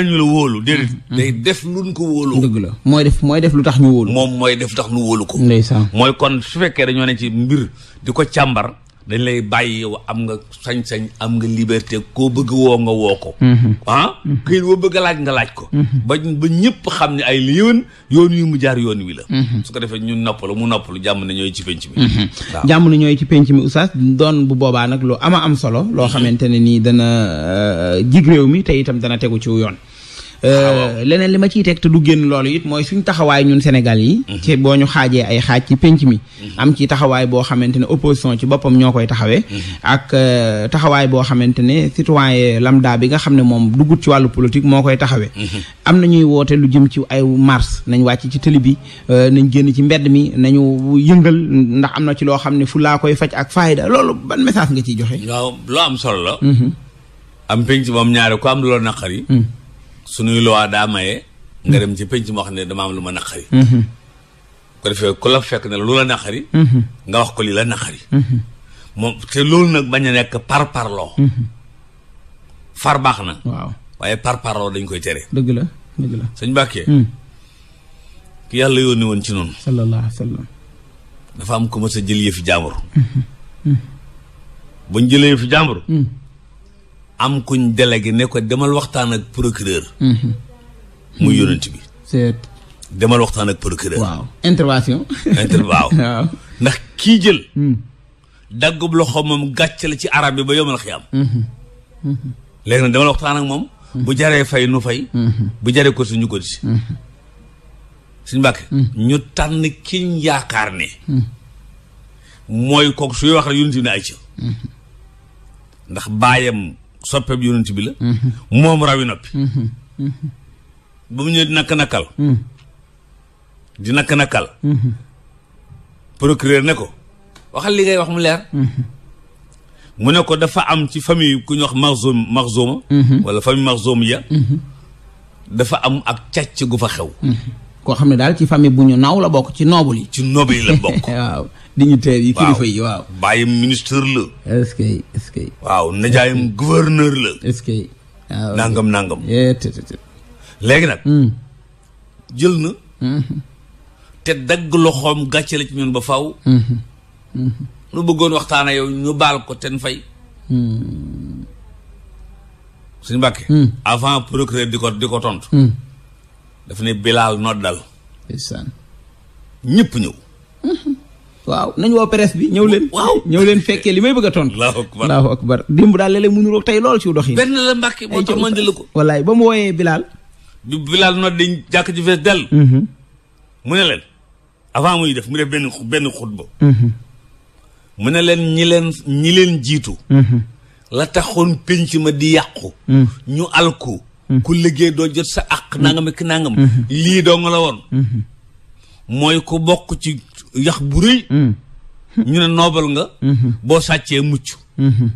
ñu la wóolu déedéet day def luñ ko wóolu la mooy def mooy def lu tax ñu wóolu moom mooy def tax ñu wóolu ko ndeysaan mooy kon su fekkee dañoo ne ci mbir di ko càmbar dañ lay bàyyi yow am nga sañ-sañ am nga liberté koo bëgg woo nga woo ko mhm. ah woo mhm. bëgg laaj nga laaj ko mhm. ba ba ñëpp xam ne ay liiwén yoon yu mu jaar yoon wi la su ko defee ñun noppalu mu noppalu jàmm na ñooy ci penc mi waaw jàmm na ñooy ci pénc mi oustaz doon bu boobaa nag lu ama am solo loo xamante ne nii dana euh, jig réew mi te itam dana tegu ci yoon Euh, ah, leneen li ma ciy teg te du génn loolu it mooy suñ taxawaay ñun Sénégal yi mhm. ci boo ñu xaajee ay xaaj ci pénc mi mhm. am ci taxawaay boo xamante ne opposition ci boppam ñoo koy taxawee mhm. ak euh, taxawaay boo xamante ne citoyen lambda bi nga xam ne moom duggut ci wàllu politique moo koy taxawee am na woote lu jëm ci ay mars nañ wàcc ci télé bi euh, nañ génn ci mbedd mi nañu yëngal ndax am na ci loo xam ne fu laa koy faj ak faayda loolu ban message nga ciy joxe waaw loo am solo la am pénc moom ñaari ko am loo naqari mm. suñuy luwaa daa maye. nga dem ci penc moo xam ne dama am lu ma naqari. Mm-hmm. ko defee ku la fekk ne lu la naqari. Mm-hmm. nga wax ko lii la naqari. Mm-hmm. moom te loolu nag bañ a nekk par parloo. far baax na. waaw waaye par parloo dañ koy tere. dëgg la dëgg la sëñ Mbàkke. Mm. ki yàlla yónni woon ci noonu. sallallahu alayhi wa sallam. dafa am ku mës a jël yëfi jaambur. buñ jëlee yëfi jaambur. Mm. am kuñ délégué ne ko demal waxtaan ak procureur. Mhm. mu yónent bi. c'est. demal waxtaan ak procureur. waaw intervention. inter waaw. (laughs) ndax kii jël. Hmm. daggub loxo moom gàcc la ci arab bi ba yomal xiyam. Mhm. Mhm. léegi nag demal waxtaan ak moom. Hmm. bu jaree fay nu fay. Hmm. bu jaree ko suñu ko si. suñu mbàkk. ñu tànn kiñ yaakaar ne. mooy kooku suy wax rek yónent bi ne ay ci. ndax baayam. soppeeb yonent bi la mhm. moom rawi noppi mhm. Mhm. ba mu ñëwee di nakk nakkal di nakk nakkal procureur ne ko waxal li ngay wax mu leer mu ne ko dafa am ci famille ku ñu wax maxzum maxzuma wala famille maxzum ya dafa am ak càcc gu fa xew koo xam ne daal ci famille bu ñu naw la bokk ci noobul yi ci noobul yi la bokk (laughs) dignitaires yi kilifa yi waaw bàyyim ministre la. est-ce waaw najaayam gouverneur la. est-ce que waaw ah, nangam nangam. Eh, léegi nag. Hmm. jël na. Hmm. te dagg loxoom gàcce la ci ñun ba faw hmm. lu bëggoon waxtaan yow ñu baal ko ten fay. suñu mbàkke avant procureur di ko di ko tontu. daf ne bilaal noddal. ndeysaan ñëw. waaw nañ woo presse bi ñëw leen. waaw ñëw leen fekkee li may bëgg a tontu. laa akbar allahu akbar démb daal léeg-léeg mu niroog tey lool ci dox yi. benn la mbàkk moo tax mën ko. wallaay ba mu wooyee Bilal. bi Bilal noonu dañ jàkk ci fees dell. Mm-hmm. mu ne leen avant muy def mu def benn benn bo mm-hmm. mu ne leen ñi leen ñi leen jiitu. Mm-hmm. la taxoon penc ma di yàqu. Mm. ñu alku mm. ku liggéey doo jot sa àq. Mm. nangam ak nangam. lii doo nga la woon. mooy ku bokk ci yax bu rëy hmm. ñu ne noobal nga hmm. boo sàccee mucc hmm.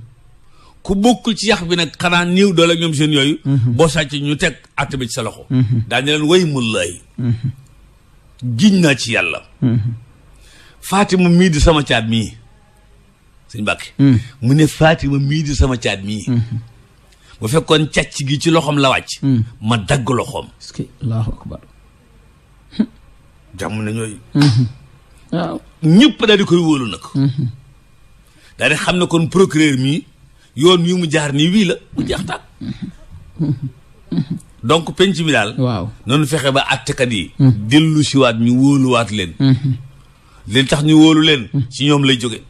ku bokkul ci yax bi nag xanaa néew doole ñoom seen yooyu boo sàccee ñu teg àtt bi ci sa loxo daañu leen way mullaay giñ naa ci yàlla Fatima mii di sama caat mii sëñ Mbàkke mu ne Fatima mii di sama caat mii bu fekkoon càcc gi ci loxoom la wàcc ma dagg loxoom jàmm na ñooyu waaw ñëpp di koy wóolu nag. Mhm. daal xam ne kon procureur mii yoon yu mu jaar nii wii la mu jeex tàkk. Mhm. donc penc mi daal. waaw noonu fexe ba àttekat yi. Mhm. dellu si waat ñu wóoluwaat leen. li tax ñu wóolu leen. ci ñoom lay jóge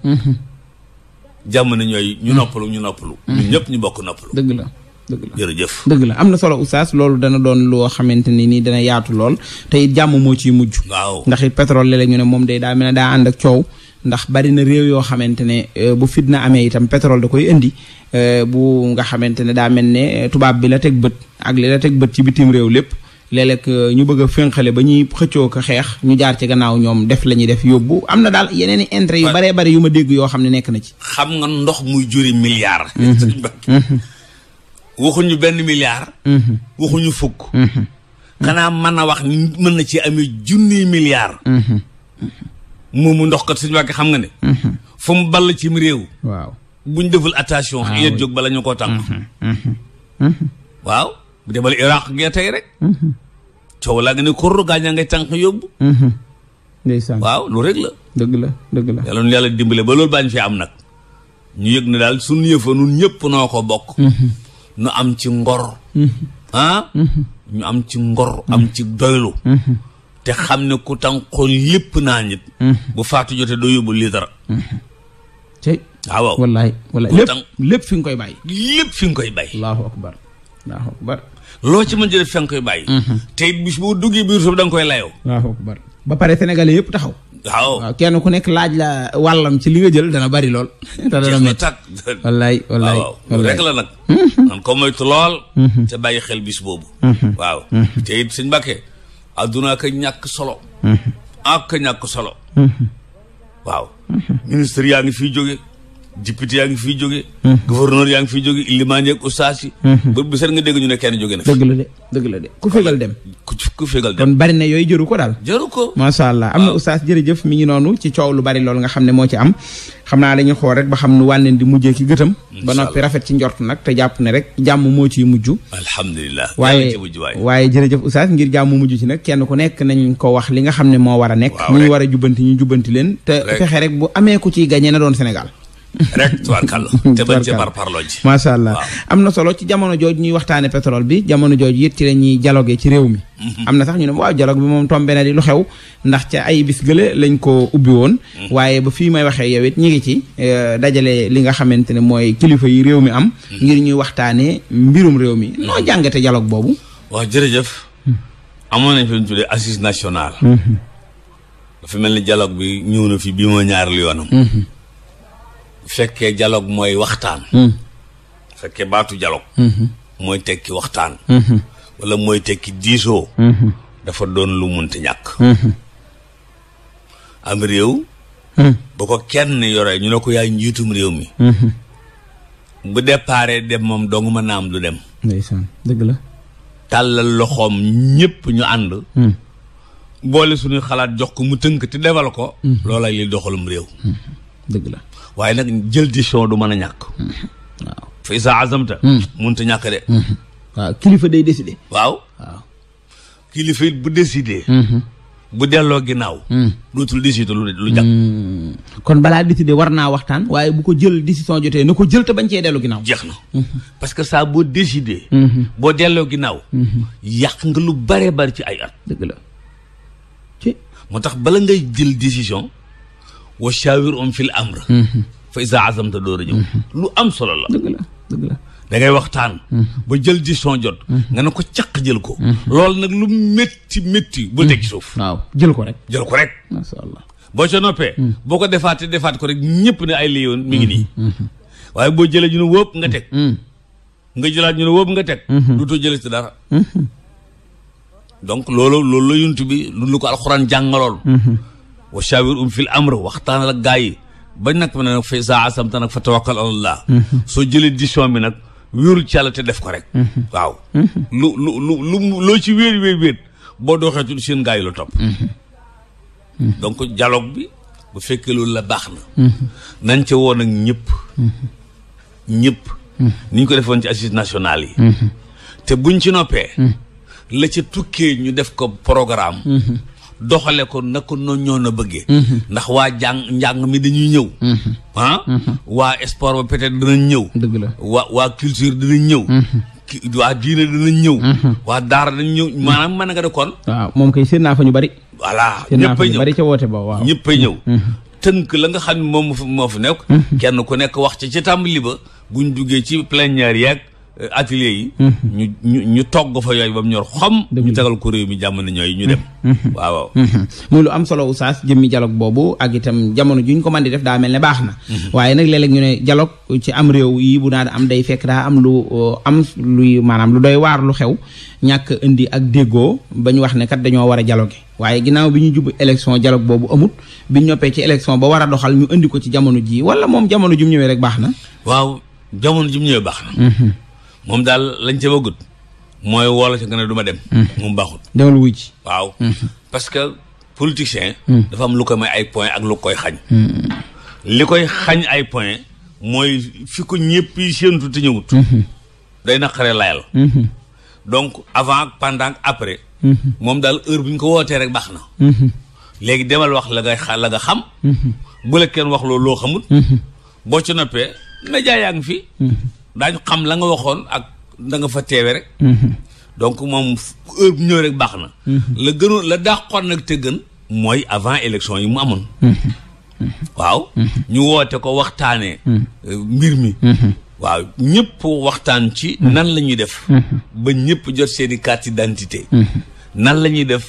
jàmm na ñooy ñu noppalu ñu noppalu. ñun ñëpp ñu bokk noppalu. dëgg la. jërëjëf dëgg la am na solo oustaz loolu dana doon loo xamante ni nii dana yaatu lool tey it jàmm moo ciy mujj. waaw ndax it pétrole léeg ñu ne moom day daa mel ne daa ànd ak coow. ndax bari na réew yoo xamante ne euh, bu fitna amee itam pétrole da koy indi euh, bu nga xamante ne daa mel ne euh, tubaab bi la teg bët ak li la teg bët ci bitim réew lépp léeg-léeg ñu bëgg a fénqale ba ñuy xëccoo ko xeex ñu jaar ci gannaaw ñoom def la ñuy def yóbbu am na daal yeneen i intérêt yu baree bari yu ma dégg yoo xam ne nekk na ci. xam nga ndox muy juri milliard. Mhm. (laughs) waxuñu benn milliard. Mhm. waxuñu fukk. Mhm. xanaa mën a wax mën na ci amee junniy milliard. Mhm. ndox kat suñu wàgg xam nga ne. fu cim réew. waaw buñ deful attention. waaw ah, yéen jóg bala ñu koo tànk. waaw bu demal Iraq gee tey rek. nga ne kur gaañaa ngay lu rek la. dëgg la dëgg la. yàlla nu yàlla dimbale ba loolu baañ fi am nag. ñu yëg ne daal suñu yëfa nun ñëpp noo ko bokk. nu am ci ngor ah ñu am ci ngor am ci doylu te xam ne ku tànqoon lépp naa nit bu faatu jotee doo yóbbu lii dara tey ah, waaw wallaay lépp lépp fi nga koy bàyyi lépp fi nga koy bàyyi allahu akbar allahu loo ci mën jëlee fi nga koy bàyyi mm-hmm. tey bis boo duggee biir suuf da nga koy layoo ba pare sénégalais yëpp taxaw. waaw kenn ku nekk laaj la wàllam ci li jël dana bari lool. te (laughs) dana métti wallaay wallaay wallaay rek mhm. moytu lool. Mhm. te bàyyi xel bis boobu. Mhm. waaw te it suñu mbàkkee adduna ka ñàkk solo. ak ka ñàkk solo. waaw ministre yaa ngi fiy jóge député yaa ngi fiy jóge hmm. gouverneur yaa ngi fiy jóge ilimaan yeeg ustaas yi hmm. bët bu set ñu ne kenn jóge na fi dëgg la de dëgg la de ku fégal dem ku ku fégal dem kon bari na yooyu jëru ko daal jëru ko macha allah am na ustaas jërëjëf mi ngi noonu ci coow lu bari lool nga xam ne moo ci am xam naa dañuy xool rek ba xam nu wàlleen di mujjee ki gëtam ba noppi rafet ci njort nag te jàpp ne rek jàmm moo ciy mujj alhamdulilah waaye waaye jërëjëf ustaas ngir jàmm mujj ci nag kenn ku nekk nañ ko wax li nga xam ne moo war a nekk ñu war a jubbanti ñu jubbanti leen te fexe rek bu amee ku ci gañee na doon Sénégal rek tubaarkàlla (laughs) te bañ ci par parloo ji macha allah am na solo ci jamono jooju ñuy waxtaane pétrole bi jamono jooju it ci la ñuy dialogue ci réew mi mhm. am na sax ñu ne waaw dialogue bi moom tombé na di lu xew ndax ca ay bis gële lañ ko ubbi woon mhm. waaye ba fii may waxee yow it ñu ngi ci eh, dajale li nga xamante ne mooy kilifa yi réew mi am mhm. ngir ñuy waxtaane mbirum réew mi noo jàngate jaloog boobu waaw jërëjëf amoon nañ fi ñu tuddee assise nationale mel ni dialogue bi ñëw fi bii moo ñaareel yoonam fekkee dialogue mooy waxtaan hmm. fekkee baatu dialogue hmm. mooy tekki waxtaan hmm. wala mooy tekki diisoo dafa doon lu munti ñàkk am réew bu ko kenn yore ñu ne ko yaay njiitum réew mi bu déparé dem moom dong mën naa am lu dem dëgg la tàllal loxoom ñépp ñu ànd boole suñuy xalaat jox ko mu tënk te defal ko loolay li doxalum réew dëgg la waaye nag jël décision du mën a ñàkk. waaw fa isa azamta. mënut hmm. a ñàkk de. Hmm. waaw kilifa day décider. waaw. waaw kilifa it bu décider. Hmm. bu delloo ginnaaw. dootul décider lu lu jàkk. kon balaa décider war naa waxtaan waaye bu ko jël décision jotee na ko jël te bañ cee delloo ginnaaw. jeex na parce que saa boo décider. boo delloo ginnaaw. yàq nga lu bare bari ci ay at. moo tax bala ngay jël décision. wa shaawirhum fil amr mm-hmm. fa izaa azamta door a ñëw mm-hmm. lu am solo la dangay la dëgg waxtaan mm-hmm. ba jël di son jot nga ne ko caq jël ko lool nag lu métti metti bu teg ci suuf jël ko rek jël ko rek boo ca noppee boo ko defaatee defaat ko rek ñëpp ne ay lii yoon mi ngi nii waaye boo jëlee ñu ne wóob nga teg nga jëlaat ñu ne wóob nga teg duutoo jëlee ci dara donc loolu loolu la yunt bi lu ko alxuraan jàngalool wa shawirhum fil amr waxtaanal ak gars yi bañ nag ma ne nag fa izaa azamta nag fa tawakkal alallah soo jëlee décision bi nag wéerul ci yàlla te def ko rek waaw lu lu lu lu loo ci wéer wéer wéer boo doxee lu seen gars yi la topp donc dialogue bi bu fekkee loolu la baax na nañ ca woon ak ñëpp ñëpp ni ñu ko defoon ci assises nationale yi te buñ ci noppee la ci tukkee ñu def ko programme doxale ko na ko noonu ñoo na bëggee mm-hmm. ndax waa jàng njàng mi dañuy ñëw mm-hmm. ah mm-hmm. waa sport ba peut dana ñëw dëgg la waa waa culture dinañ ñëw waa diine dinañ ñëw waa daara dinañ ñëw maanaam mën nga de kon waaw moom kay seen naa fa ñu bari voilà ñëppay ñëw bari ca woote ba waaw ñëppay ñëw tënk la nga xam ne moom moo fi nekk kenn ku nekk wax ci ci tàmbali ba buñ duggee ci plénière yeeg Euh, atelier yi mhm. ñu ñu ñu togg fa yooyu ba mu ñor xom ñu tegal ko réew mi jàmm na ñooy ñu dem mhm. Mhm. waaw muy lu am solo oustaz jëmmi dialogue boobu ak itam jamono juñ ko mën di def daa mel ne baax na waaye nag léeg ñu ne dialogue ci am réew yi bu naa am day fekk daa am lu euh, am luy maanaam lu doy waar lu xew ñàkk indi ak déggoo ba ñu wax ne kat dañoo war a dialogue waaye ginnaaw bi ñu jub élection dialogue boobu amut bi ñu ñoppee ci élection ba war a doxal ñu indi ko ci jamono ji wala moom jamono jum ñëwee rek baax na waaw jamono jum ñëwee baax na moom daal lañ ca bëggut mooy woola ca nga ne du ma dem hmm. moom baaxut demal wuy waaw hmm. parce que politicien hmm. dafa am lu koy may ay point ak lu koy xañ li koy xañ ay point mooy fi ko ñëpp yi séentu te ñëwut day naqaree layal donc avant pendant après moom daal heure bu ñu ko wootee rek baax na léegi demal wax la nga la nga xam bu la wax loolu loo xamul boo ci noppee média yaa ngi fi daañu xam la nga waxoon ak na nga fa teewe rek mhm. donc moom heure ñëw rek baax na mhm. la gënoon la dàqoon nag te gën mooy avant élection yi mu amoon mhm. waaw ñu woote ko waxtaanee mbir mi waaw ñëpp waxtaan ci nan la ñuy def ba ñëpp jot seeni i carte nan la ñuy def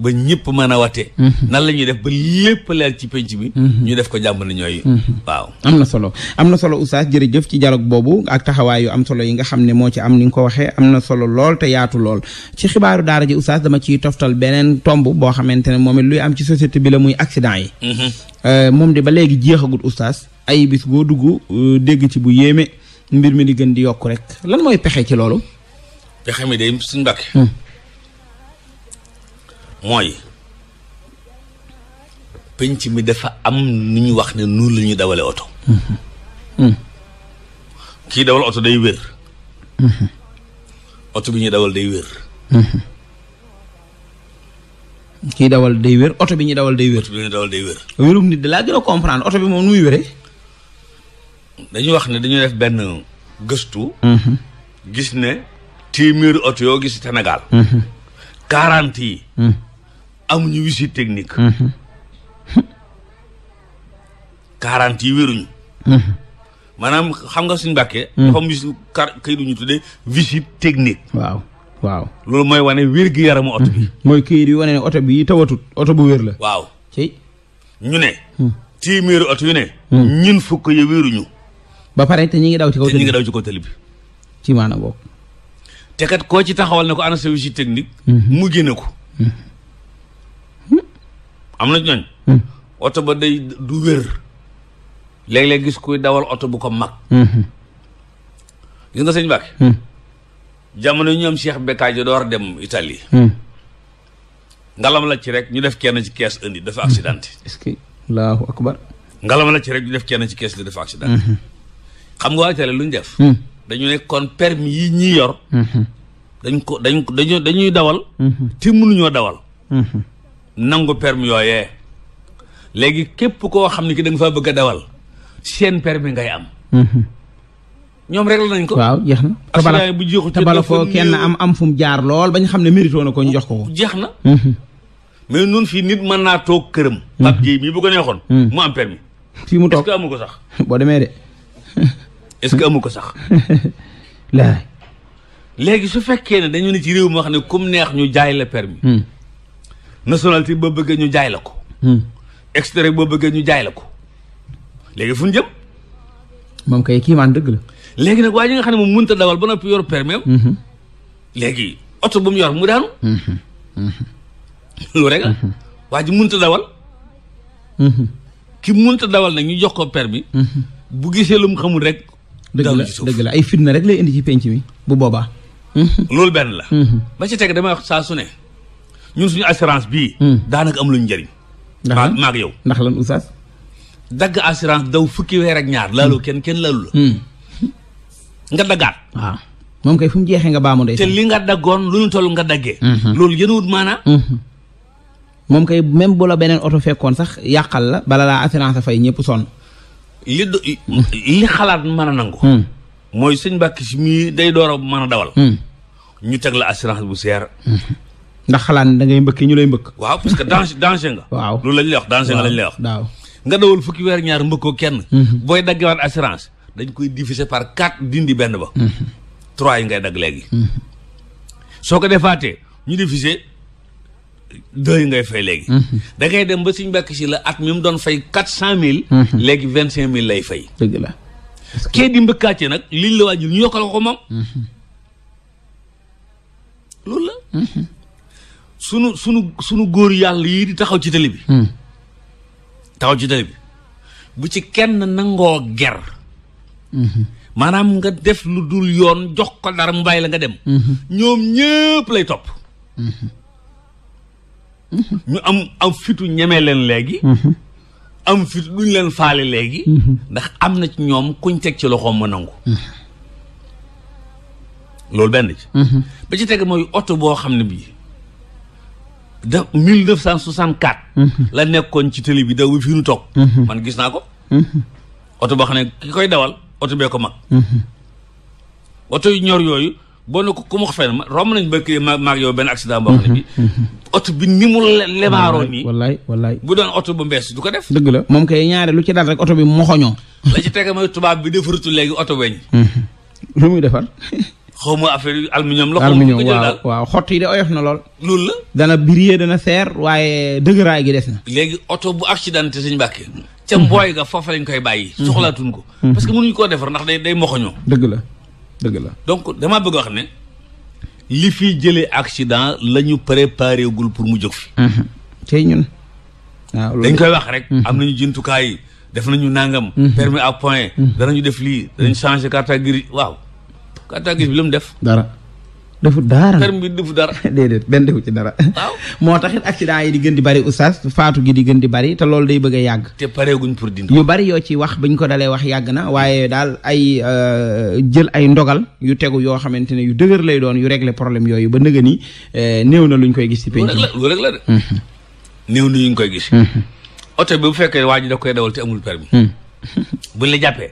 ba ñëpp mën a watee mhm. nan la ñuy def ba lépp leer ci penc bi mhm. ñu def ko jàmm na ñooyu mhm. waaw am na solo am na solo oustaz jërëjëf ci dialogue boobu ak taxawaay yu am solo yi nga xam ne moo ci am ni nga ko waxee am na solo lool te yaatu lool ci xibaaru daara ji oustaz dama ciy toftal beneen tomb boo xamante ne moom luy am ci société bi la muy accident yi euh, moom de ba léegi jeexagut oustaz ay bis boo dugg euh, dégg ci bu yéeme mbir mi di gën di yokk rek lan mooy pexe ci loolu pexe mooy penc mi dafa am nu ñu wax ne noonu la ñuy dawale oto kii dawal oto day wér oto bi ñuy dawal day wér kii dawal day wér oto bi ñuy dawal day wér oto dawal day wér wérum nit da laa gën a comprendre oto bi moom nu muy wéree dañuy wax ne dañu def benn gëstu mhm. gis ne téeméeri oto yoo gis Sénégal mhm. quarante amuñu visite technique. Mhm. quarante yi wéruñu. Mhm. maanaam xam nga suñu mbàkkee. Mhm. dafa am visite car ñu tuddee visite technique. waaw waaw. loolu mooy wane wér gi yaramu oto bi. mooy kayit yu wane ne oto bi tawatut oto bu wér la. waaw ci ñu ne. téeméeri oto yu ne. ñun fukk yi wéruñu. ba pare te ñi ngi daw ci kaw tali bi te ñi ngi daw ci bi. ci maanaam boobu. te koo ci taxawal ne ko ana sa visite technique. mu génne ko. am na ñooñ hmm. oto ba day du wér léeg-léeg gis kuy dawal oto bu ko mag hmm. gis nga sëñ Mbàkke hmm. jamono ñoom Cheikh Bekkaay door dem Italie ngalam la ci rek ñu def kenn ci kees indi dafa accidenté est-ce que allahu akbar ngalam ci rek ñu def kenn ci kees li dafa accidenté xam nga waa Italie lu ñu def dañu ne kon permis yi ñi yor dañ ko dañ dañu dañuy dawal te ñoo dawal nangu permis yooyee léegi képp koo xam ne ki da nga faa bëgg a dawal seen permis ngay am mhm. ñoom rek la nañ ko waaw jeex na accident bu jeexu tabala ko kenn am am fu mu jaar lool bañ xam ne mérito ko ñu jox ko ko jeex na mhm. mais fii nit mën naa toog këram Pape mhm. Dieye mii bu neexoon mu am fii mu toog est amu ko sax boo demee de ce que amu ko sax la (laughs) (laughs) (laughs) léegi su fekkee ne dañu ne réew moo xam ne comme neex ñu jaay la permis hmm. nationalité boo bëggee ñu jaay la ko. Hmm. extrait boo bëggee ñu jaay la ko léegi fu ñu jëm. moom kay kii maan dëgg la. léegi nag waa ji nga xam ne moom mënut a dawal ba noppi yor permis hmm. léegi oto bu mu yor mu daanu. loolu hmm. rek la. waa ji mënut dawal. ki mënut a dawal na ñu jox ko permis bu gisee lu mu xamul rek. dëgg la dëgg la ay fitna rek lay indi ci penc mi bu boobaa. loolu benn la. ba ci teg damay saa su ñun suñu assurance bii. Hmm. daanaka am lu ñu njëriñ. ndax maag yow ndax lan oustaz. dagg assurance daw fukki weer ak ñaar laalu hmm. kenn kenn laalu la. Hmm. nga daggaat. waaw ah. moom kay fu mu jeexee nga mu de. te li nga daggoon lu ñu toll nga daggee. loolu yënuwut maanaa. moom kay même bu la beneen oto fekkoon sax yàqal la bala laa assurance fay ñëpp sonn. li do li xalaat mën a nangu. mooy sëñ Mbàkke si mii day door a mën a dawal. ñu teg la assurance bu seer. ndax xalaat ne da ngay mbëkk ñu lay mbëkk waaw parce que danger danger nga waaw loolu lañ lay wax danger nga lañ lay wax nga dawal fukki weer ñaar mbëkkoo kenn mhm. booy daggewaat assurance dañ koy diviser par quatre dindi benn ba mhm. trois yi ngay dagg léegi mhm. soo ko defaatee ñu diviser deux yi ngay fay léegi da ngay dem ba suñ mbekk si la at mi mu doon fay quatre cent mille léegi vingt cinq mille lay fay dëgg la kee di mbëkkaate nag liñ la wàññil ñu yokkal ko moom loolu la sunu sunu sunu góor yàlla yii di taxaw ci tali bi. Hmm. taxaw ci tali bi bu ci kenn nangoo ger. Hmm. maanaam nga def lu dul yoon jox ko dara mu bàyyi la nga dem. Hmm. ñoom ñëpp lay topp. ñu am am fitu ñeme leen léegi. am fitu duñ leen faale léegi. ndax am na ci ñoom kuñ teg ci loxoom ma nangu. loolu benn ci. ba ci teg mooy oto boo xam ne bii. da 1964. Mhm. la nekkoon ci télé bi daw bi fi ñu toog. Mhm. man gis naa ko. Mhm. oto boo xam ne ki koy dawal oto bee ko mag. oto yu ñor yooyu boo ne ko ku ma ko nañ ba kii maag yow benn accident boo xam ne bi oto bi ni mu lemaaroo nii. wallaay wallaay bu doon oto bu mbees du ko def. dëgg la moom kay ñaaree lu ci daal rek oto bi moxoñoo. la ci tege mooy tubaab bi defaratu léegi oto weñ. lu muy defar. (laughs) xaw ma affaire yu aluminium la. aluminium waaw waaw xott yi de oyof na lool. loolu la. dana briller dana seer waaye dëgëraay gi des na. léegi oto bu accidenté suñu bàkkee. ca mbooy ga foofu lañ koy bàyyi. Mhm. soxlaatuñ ko. Mhm. parce que mënuñ koo defar ndax day day moxoñoo. dëgg la dëgg la. donc damaa bëgg xam ne li fi jëlee accident la ñu préparé gul pour mu jóg mhm. tey ñun. waaw loolu dañ koy wax rek. am nañu yi def nañu nangam. permis à point. danañu def lii danañ changer carte grise waaw. attaque bi lu mu def. dara defu dara terme bi defu dara. (laughs) déedéet benn defu ci dara. waaw (laughs) moo taxit accident yi di gën di bari oustaz faatu gi di gën di bari te loolu day bëgg a yàgg. te pareeguñ pour dindi. yu bari yoo ci wax bañ ko dalee wax yàgg na waaye daal ay euh, jël ay ndogal yu tegu yoo xamante ne yu dëgër lay doon yu régler problème yooyu ba nëgë ni euh, néew na luñ koy gis. ci penc lu rek de. Mm-hmm. néew na luñ koy gis. Mm-hmm. oto bi bu fekkee waa ji da koy dawal te amul permis mm-hmm. buñ la jàppee.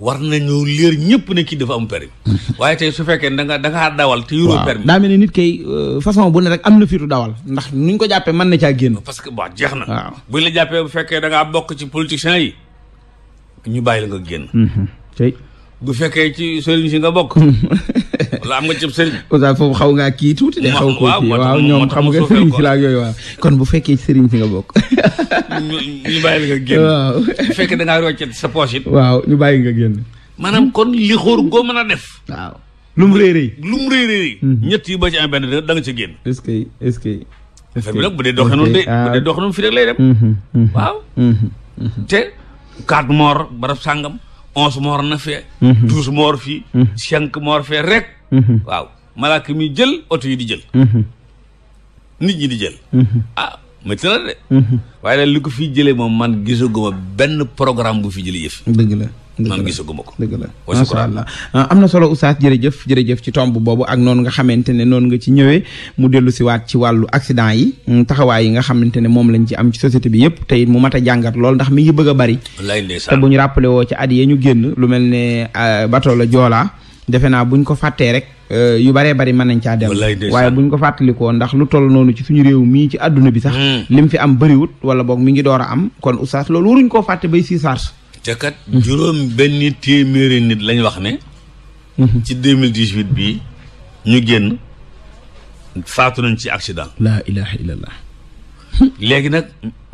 war nañu leer ñëpp ne kii dafa am permis (laughs) waaye tey su fekkee da nga da ngaa dawal te yoroo permis daa mel ne nit kay euh, façon bu ne rek am na fiitu dawal ndax nuñ ko jàppee man na caa génn parce que waaw jeex na waaw buñ la jàppee bu fekkee da bokk ci politiciens yi ñu bàyyi la nga génn mhm. tey bu fekkee ci sëriñ si nga bokk (laughs) la am nga cëb sëriñ. oustaz foofu xaw ngaa kii tuuti de. xaw kon bu fekkee sëriñ si nga bokk. ñu ñu bàyyi nga génn. waaw da ngaa rocce sa poche it. waaw ñu bàyyi nga génn. maanaam kon li xóor goo mën a def. waaw lum rëy rëy. lum rëy rëy. Mhm. ba ci am benn da nga ci génn. est-ce que est-ce que. affaire bi nag bu dee doxee noonu de ah. bu dee doxee noonu fii rek lay rek. waaw malaaka mi jël oto yi di jël mhm. nit ñi di jël mhm. ah métti na de mhm. waaye daal li ko fi jëlee moom man gisaguma benn programme bu fi jëlee yëf dëgg la man gisaguma ko dëgg la masha allah ah, am na solo oustaz jërëjëf jërëjëf ci tomb boobu ak noonu nga xamante ne noonu nga ci ñëwee mu dellu si waat ci wàllu accident yi mm, taxawaay yi nga xamante ne moom lañ ci am ci société bi yëpp te it mu mat a jàngat lool ndax mi ngi bëgg a bari te bu ñu rappelé woo ci at yee ñu génn lu mel ne euh, bateau la defe naa buñ ko fàttee rek euh, yu baree bari mën nañ caa dem waaye buñ ko fàttalikoo ndax lu toll noonu ci suñu réew mii ci àdduna bi sax hmm. lim fi am bëriwut wala boog mi ngi door a am kon oustaz loolu waruñ koo fàtte bay si sars te kat juróom benn téeméeri nit lañ wax ne mhm. ci 2018 bii ñu génn faatu nañ ci accident laa ilaha illallah léegi nag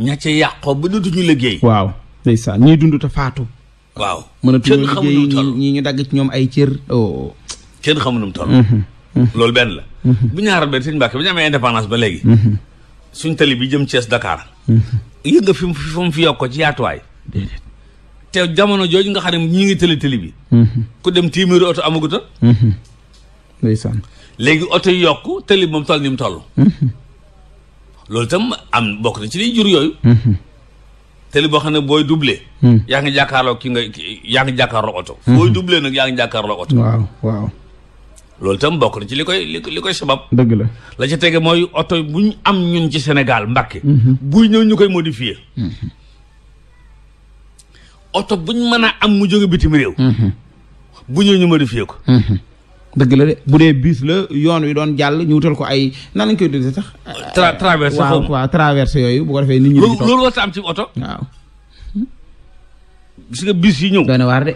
ña ca yàqoo ba dootuñu liggéey waaw ñii dund te faatu waaw mënatuñu liggéey ñi ñu dagg ci ñoom ay cër o oh. kenn xamu nu mu toll mhm. Mhm. loolu benn la mhm. bu ñaaral benn sëñ Mbàkke bi ñu amee indépendance ba léegi suñ tali bi jëm Thiès Dakar yëg nga fi mu fi yokk ko ci yaatuwaay te jamono jooju nga xam ne ñi ngi tëli tëli bi ku dem téeméeri oto amaguta ndeysaan léegi oto yokk tëli bi moom toll ni mu toll loolu itam am bokk na ci liy jur yooyu tëli boo xam ne booy doublé. Hmm. yaa ngi jàkkaarloo ki nga yaa ngi jàkkaarloo oto. Hmm. booy doublé nag yaa ngi jàkkaarloo oto. waaw waaw. loolu itam na ci li koy li koy sabab. dëgg la la ca tege mooy oto bu am ñun ci senegal Mbàkke. Hmm. bu ñëw ñu koy modifié. oto bu ñu mën a am mu jóge bitim réew. bu ñëw ñu modifié ko. dëgg la de bu dee bus la yoon wi doon jàll ñu wutal ko ay nan lañ koy tuddee sax. tra traversé waaw yooyu bu defee nit ñi. di toog loolu war am oto. waaw. gis nga bus yi ñëw. na waar de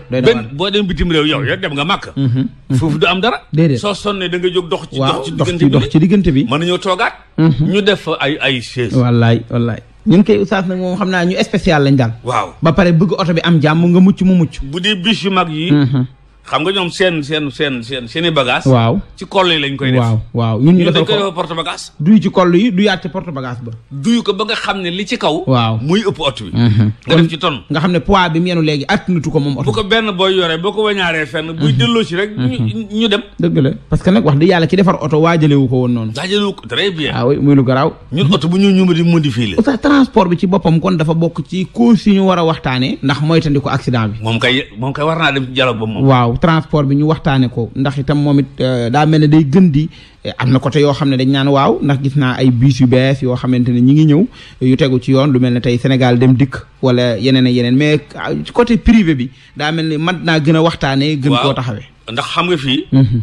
boo dem bitim réew yow dem nga màkk. Mhm. foofu du am dara. déedéet soo sonnee da nga jóg dox. ci dox ci diggante bi dox ci diggante bi. mën nañoo toogaat. Mhm. ñu def ay ay chaise. wallaay wallaay. ñun koy oustaz nag moom xam naa ñu spécial lañ daal. waaw ba pare bëgg oto bi am jàmm nga mucc mu mucc. bu dee bus yu mag yi. Mhm. xam nga ñoom seen seen seen seen seen i bagage waaw ci koll yi lañ koy def waaw waaw duy ci koll yi du yaat ci porte bagage ba duy ko ba nga xam ne li ci kaw waaw muy ëpp oto bi mhm. nga ci ton nga xam ne poids bi mu yenu léegi attanatu ko moom oto bu ko benn booy yoree boo ko wañaaree fenn buy mhm. delloo si rek mhm. ñu dem dëgg la parce que nag wax dëgg yàlla ki defar oto waajalewu ko woon noonu ko très bien waaw ah muy lu garaaw bu ñu ñu ma di modifier la transport bi ci boppam kon dafa bokk ci cause yi ñu war a waxtaanee ndax moytandi ko accident bi moom kay moom kay war naa dem ci ba moom waaw waaw transport bi ñu waxtaane ko ndax itam moom it euh, daa mel ne day gën di eh, am na côté yoo xam ne dañ naan waaw ndax gis naa ay bus yu bees yoo xamante ne ñi ngi ñëw yu tegu ci yoon lu mel ne tey Sénégal dem dikk wala yeneen ak yeneen mais euh, côté privé bi daa mel ni mat naa gën a waxtaanee gën koo taxawee ndax xam nga fii mm-hmm.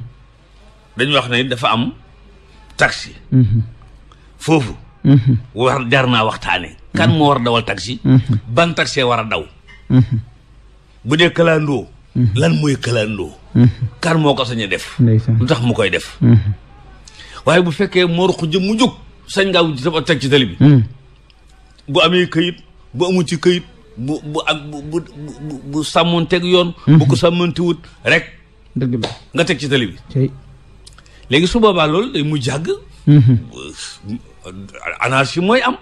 dañu wax ne dafa am taxi mm-hmm. foofu mm-hmm. war jar naa waxtaane kan moo war a dawal taxi ban taxi war a daw bu dee kalandoo Mm-hmm. lan mooy kalandoo mm-hmm. kar moo ko sañ a def lu tax mu koy def mm-hmm. waaye bu fekkee moo ruq jëm mu jóg sañ ngaa wut ci teg ci tali bi bu amee këyit bu amul ci këyit bu bu ak bu bu sàmmoon teg yoon bu ko sàmmoonte wut rek dëgg la nga teg ci tali bi léegi su boobaa loolu day mu jàgg anarchie mooy am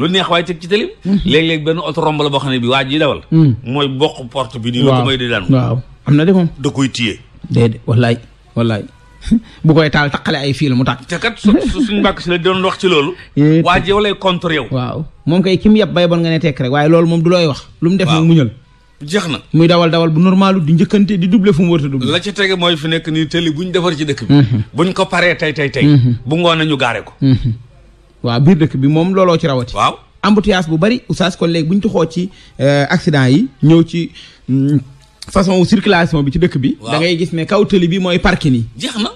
lu neex waaye teg ci tëlim mm-hmm. léeg-léeg benn oto romb la boo xam ne bi waa ji dawal mm. mooy bokk port bi nii la ko may di waaw am na de moom da koy téye déedéet wallaay wallaay (laughs) bu koy taal taqale ay fil mu tàkk te kat su suñ mbàkk si la doon wax ci loolu (laughs) waa ji contre yow waaw kay kim yab bay bon nga ne tekk rek waaye loolu moom du looy wax lu mu def nag muñal jeex na muy dawal dawal bu normalu di njëkkante di double fu mu wërta double la ci tege mooy fi nekk nii tëli buñ defar ci dëkk bi mm-hmm. buñ ko paree tey tey tey mm-hmm. bu ngoon nañu gaare ko waaw biir dëkk bi moom looloo ci rawati waaw embouteillage bu bari oustaz kon léegi bu ñu tuxoo ci euh, accident yi ñëw ci mm, façon circulation bi ci dëkk bi da ngay gis ne kaw tëli bi mooy parking yi jeex na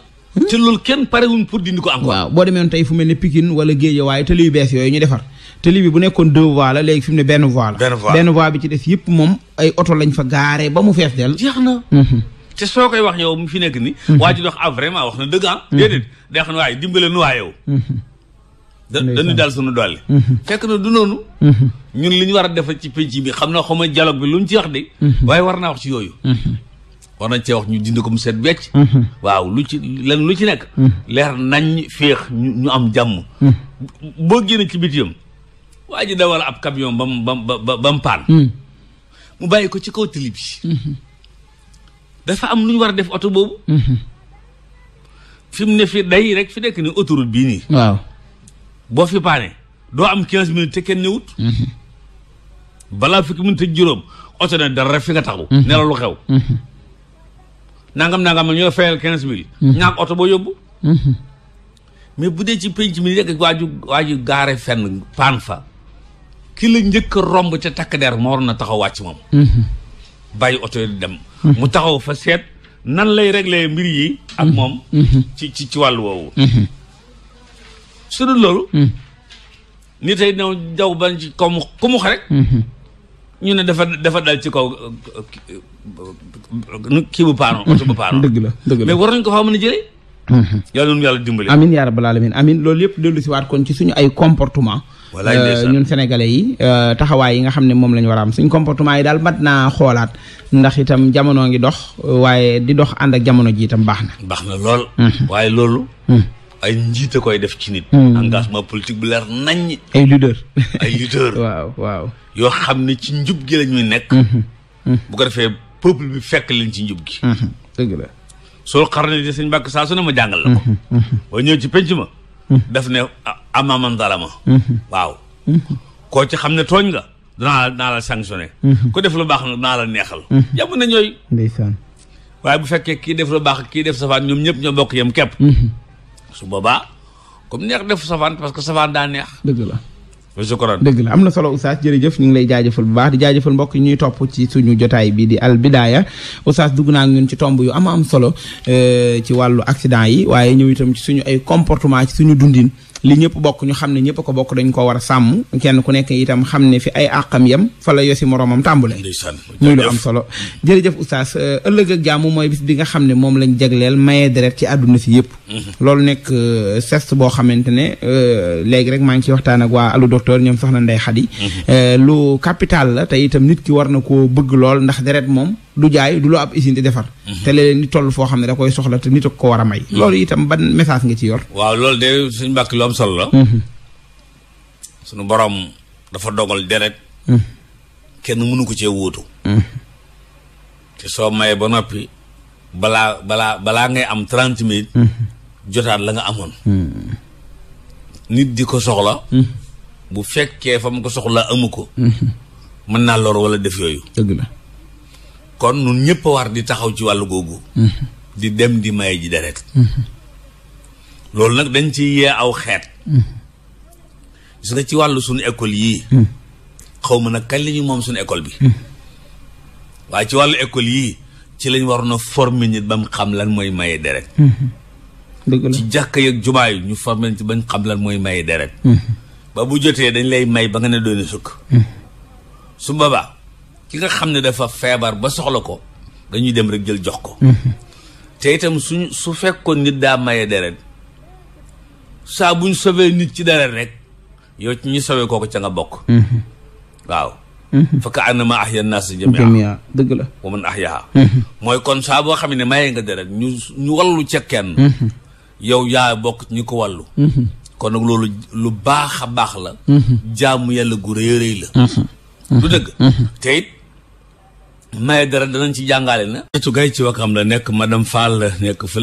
te loolu kenn parewuñ pour dindi ko encore waaw boo demeon tey fu mel ne Pikine wala Géeja waaye tëli bees yooyu ñu defar tëli bi bu nekkoon deux voies la léegi fi mu ne benn voie la benn bi ci des yëpp moom ay oto lañ fa gaaree ba mu fees del jeex na mhm. te soo koy wax yow mu fi nekk ni mhm. waa ji dox ah vraiment wax na dëgg ah mhm. déedéet day xam ne waaye dimbale nu waa dañu daal suñu doole mm-hmm. fekk na du noonu mm-hmm. ñun li ñu war a defal ci penc bi xam na xawma dialogue bi lu ñu ci wax de mm-hmm. waaye war naa wax ci yooyu war nañ cee wax ñu dindi ko mu seet wecc waaw lu ci lan lu ci nekk leer nañ féex ñu am jàmm boo génne ci bitiyam waa ji dawal ab camion ba mu ba bam paan mu bàyyi ko ci kaw tali bi dafa am lu war a def oto boobu fi mu ne fi day rek fi nekk ni autoroute bii nii waaw boo fi paane doo am quinze minutes te kenn ñëwut balaa fukki minutes te juróom oto ne dara rek fi nga taxaw mhm. ne lu xew nangam mhm. nangam ñoo fayal quinze mille mhm. ñaak oto boo yóbbu mais bu dee ci penc mi nekk waaju waaju gaare fenn paan fa ki la njëkk romb ca takk der moo waroon na taxaw wàcc moom bàyyi oto di dem mu taxaw fa seet nan lay régler mbir yi ak moom ci ci ci wàllu woowu su dul loolu. Hmm. ni tey daw daw ban ci kaw mu ku hmm. ñu ne dafa dafa dal ci kaw kii bu paano oto bu paano dëgg la dëgg la mais war nañ ko faa mën a jëlee. Hmm. yàlla nu yàlla dimbali. amiin yaa rabbal aalamiin amiin loolu yëpp dellu si waat kon ci suñu ay comportement euh, ñun sénégalais yi euh, taxawaay yi nga xam ne moom la ñu war a am suñ comportement yi daal mat naa xoolaat ndax itam jamono ngi dox waaye di dox ànd ak jamono ji itam baax na. baax na lool. waaye loolu. ay njiit koy def ci nit. Hmm. engagement politique bu leer nañ ay leader ay leader. (laughs) waaw yoo xam ne ci njub gi la ñuy nekk. Hmm, hmm, bu ko defee peuple bi fekk leen ci njub gi. dëgg la. soo xarale di sëñ Mbàkke saa ma jàngal la ko. boo ñëw ci penc ma. def ne ama ah, man zalama. waaw. koo ci xam ne tooñ nga. danaa naa la sanctionné. ku def lu baax nag naa la neexal. jàmm na ñooy. ndeysaan. waaye bu fekkee kii def lu baax kii def safaan ñoom ñëpp ñoo bokk yem kepp su boobaa comme neex def safaan parce que safaan daa neex. dëgg la. dëgg la am na solo oustaz jërëjëf ñu ngi lay jaajëfal bu baax di jaajëfal mbokk ñuy topp ci suñu jotaay bi di al bidaaya oustaz dugg naa ngeen ci tomb yu am am solo euh, ci wàllu accident yi waaye ñëw itam ci suñu ay comportement ci suñu dundin li ñëpp bokk ñu xam ne ñëpp ko bokk dañ ko war a sàmm kenn ku nekk itam xam ne fi ay àqam yem fa la yosi moroomam tàmbule muy lu am solo jërëjëf oustaz euh, ëllëg ak jàmm mooy bis bi nga xam ne moom lañ jagleel maye deret ci àdduna si yëpp mhm. loolu nekk geste euh, boo xamante ne euh, léegi rek maa ngi ciy waxtaan ak waa alu docteur ñoom soxna Ndey Xadi mhm. lu capital la te itam nit ki war na ko bëgg lool ndax deret moom du jaay du loo ab usine di defar mhm. te léeg-léeg ni toll foo xam ne da koy soxla te nit ak ko war a may mhm. loolu itam ban message nga ci yor waaw loolu de suñu mbàkk lu am solo la mhm. suñu borom dafa dogal deret kenn mënu ko cee wóotu te soo mayee ba noppi balaa balaa balaa ngay am trent minutes jotaat la nga amoon nit di ko soxla bu fekkee fa mu ko soxlaa amu ko mën naa lor wala def yooyu dëgg la kon nun ñëpp war di taxaw ci wàllu googu di dem di maye ji deret loolu nag dañ ci yee aw xeet gis ci wàllu suñu école yii xaw ma nag kañ la ñu moom suñu école bi waaye ci wàllu école yii ci lañ waroon a former nit ba mu xam lan mooy maye deret dëgg la ci jàkka yeeg yi ñu former ci bañ xam lan mooy maye deret ba bu jotee dañ lay may ba nga ne doone sukk su boobaa ki nga xam ne dafa feebar ba soxla ko dañuy dem rek jël jox ko mhm. te itam suñ su fekkoon nit daa maye deret saa buñ sauvé nit ci deret rek yow ci ñu sauvé kooku ca nga bokk mhm. waaw mhm. fa a annama ahya naas jamia dëgg la wa man ahyaha mooy kon saa boo xam ne maye nga deret ñu wallu ca kenn yow yaa bokk ñu ko wallu kon nag loolu lu baax a baax la jaamu yàlla gu rëy rëy la du dëgg te it maye dara danañ ci jàngale na. Aïssatou Gaye ci Wakam la nekk madame Fall nekk fële.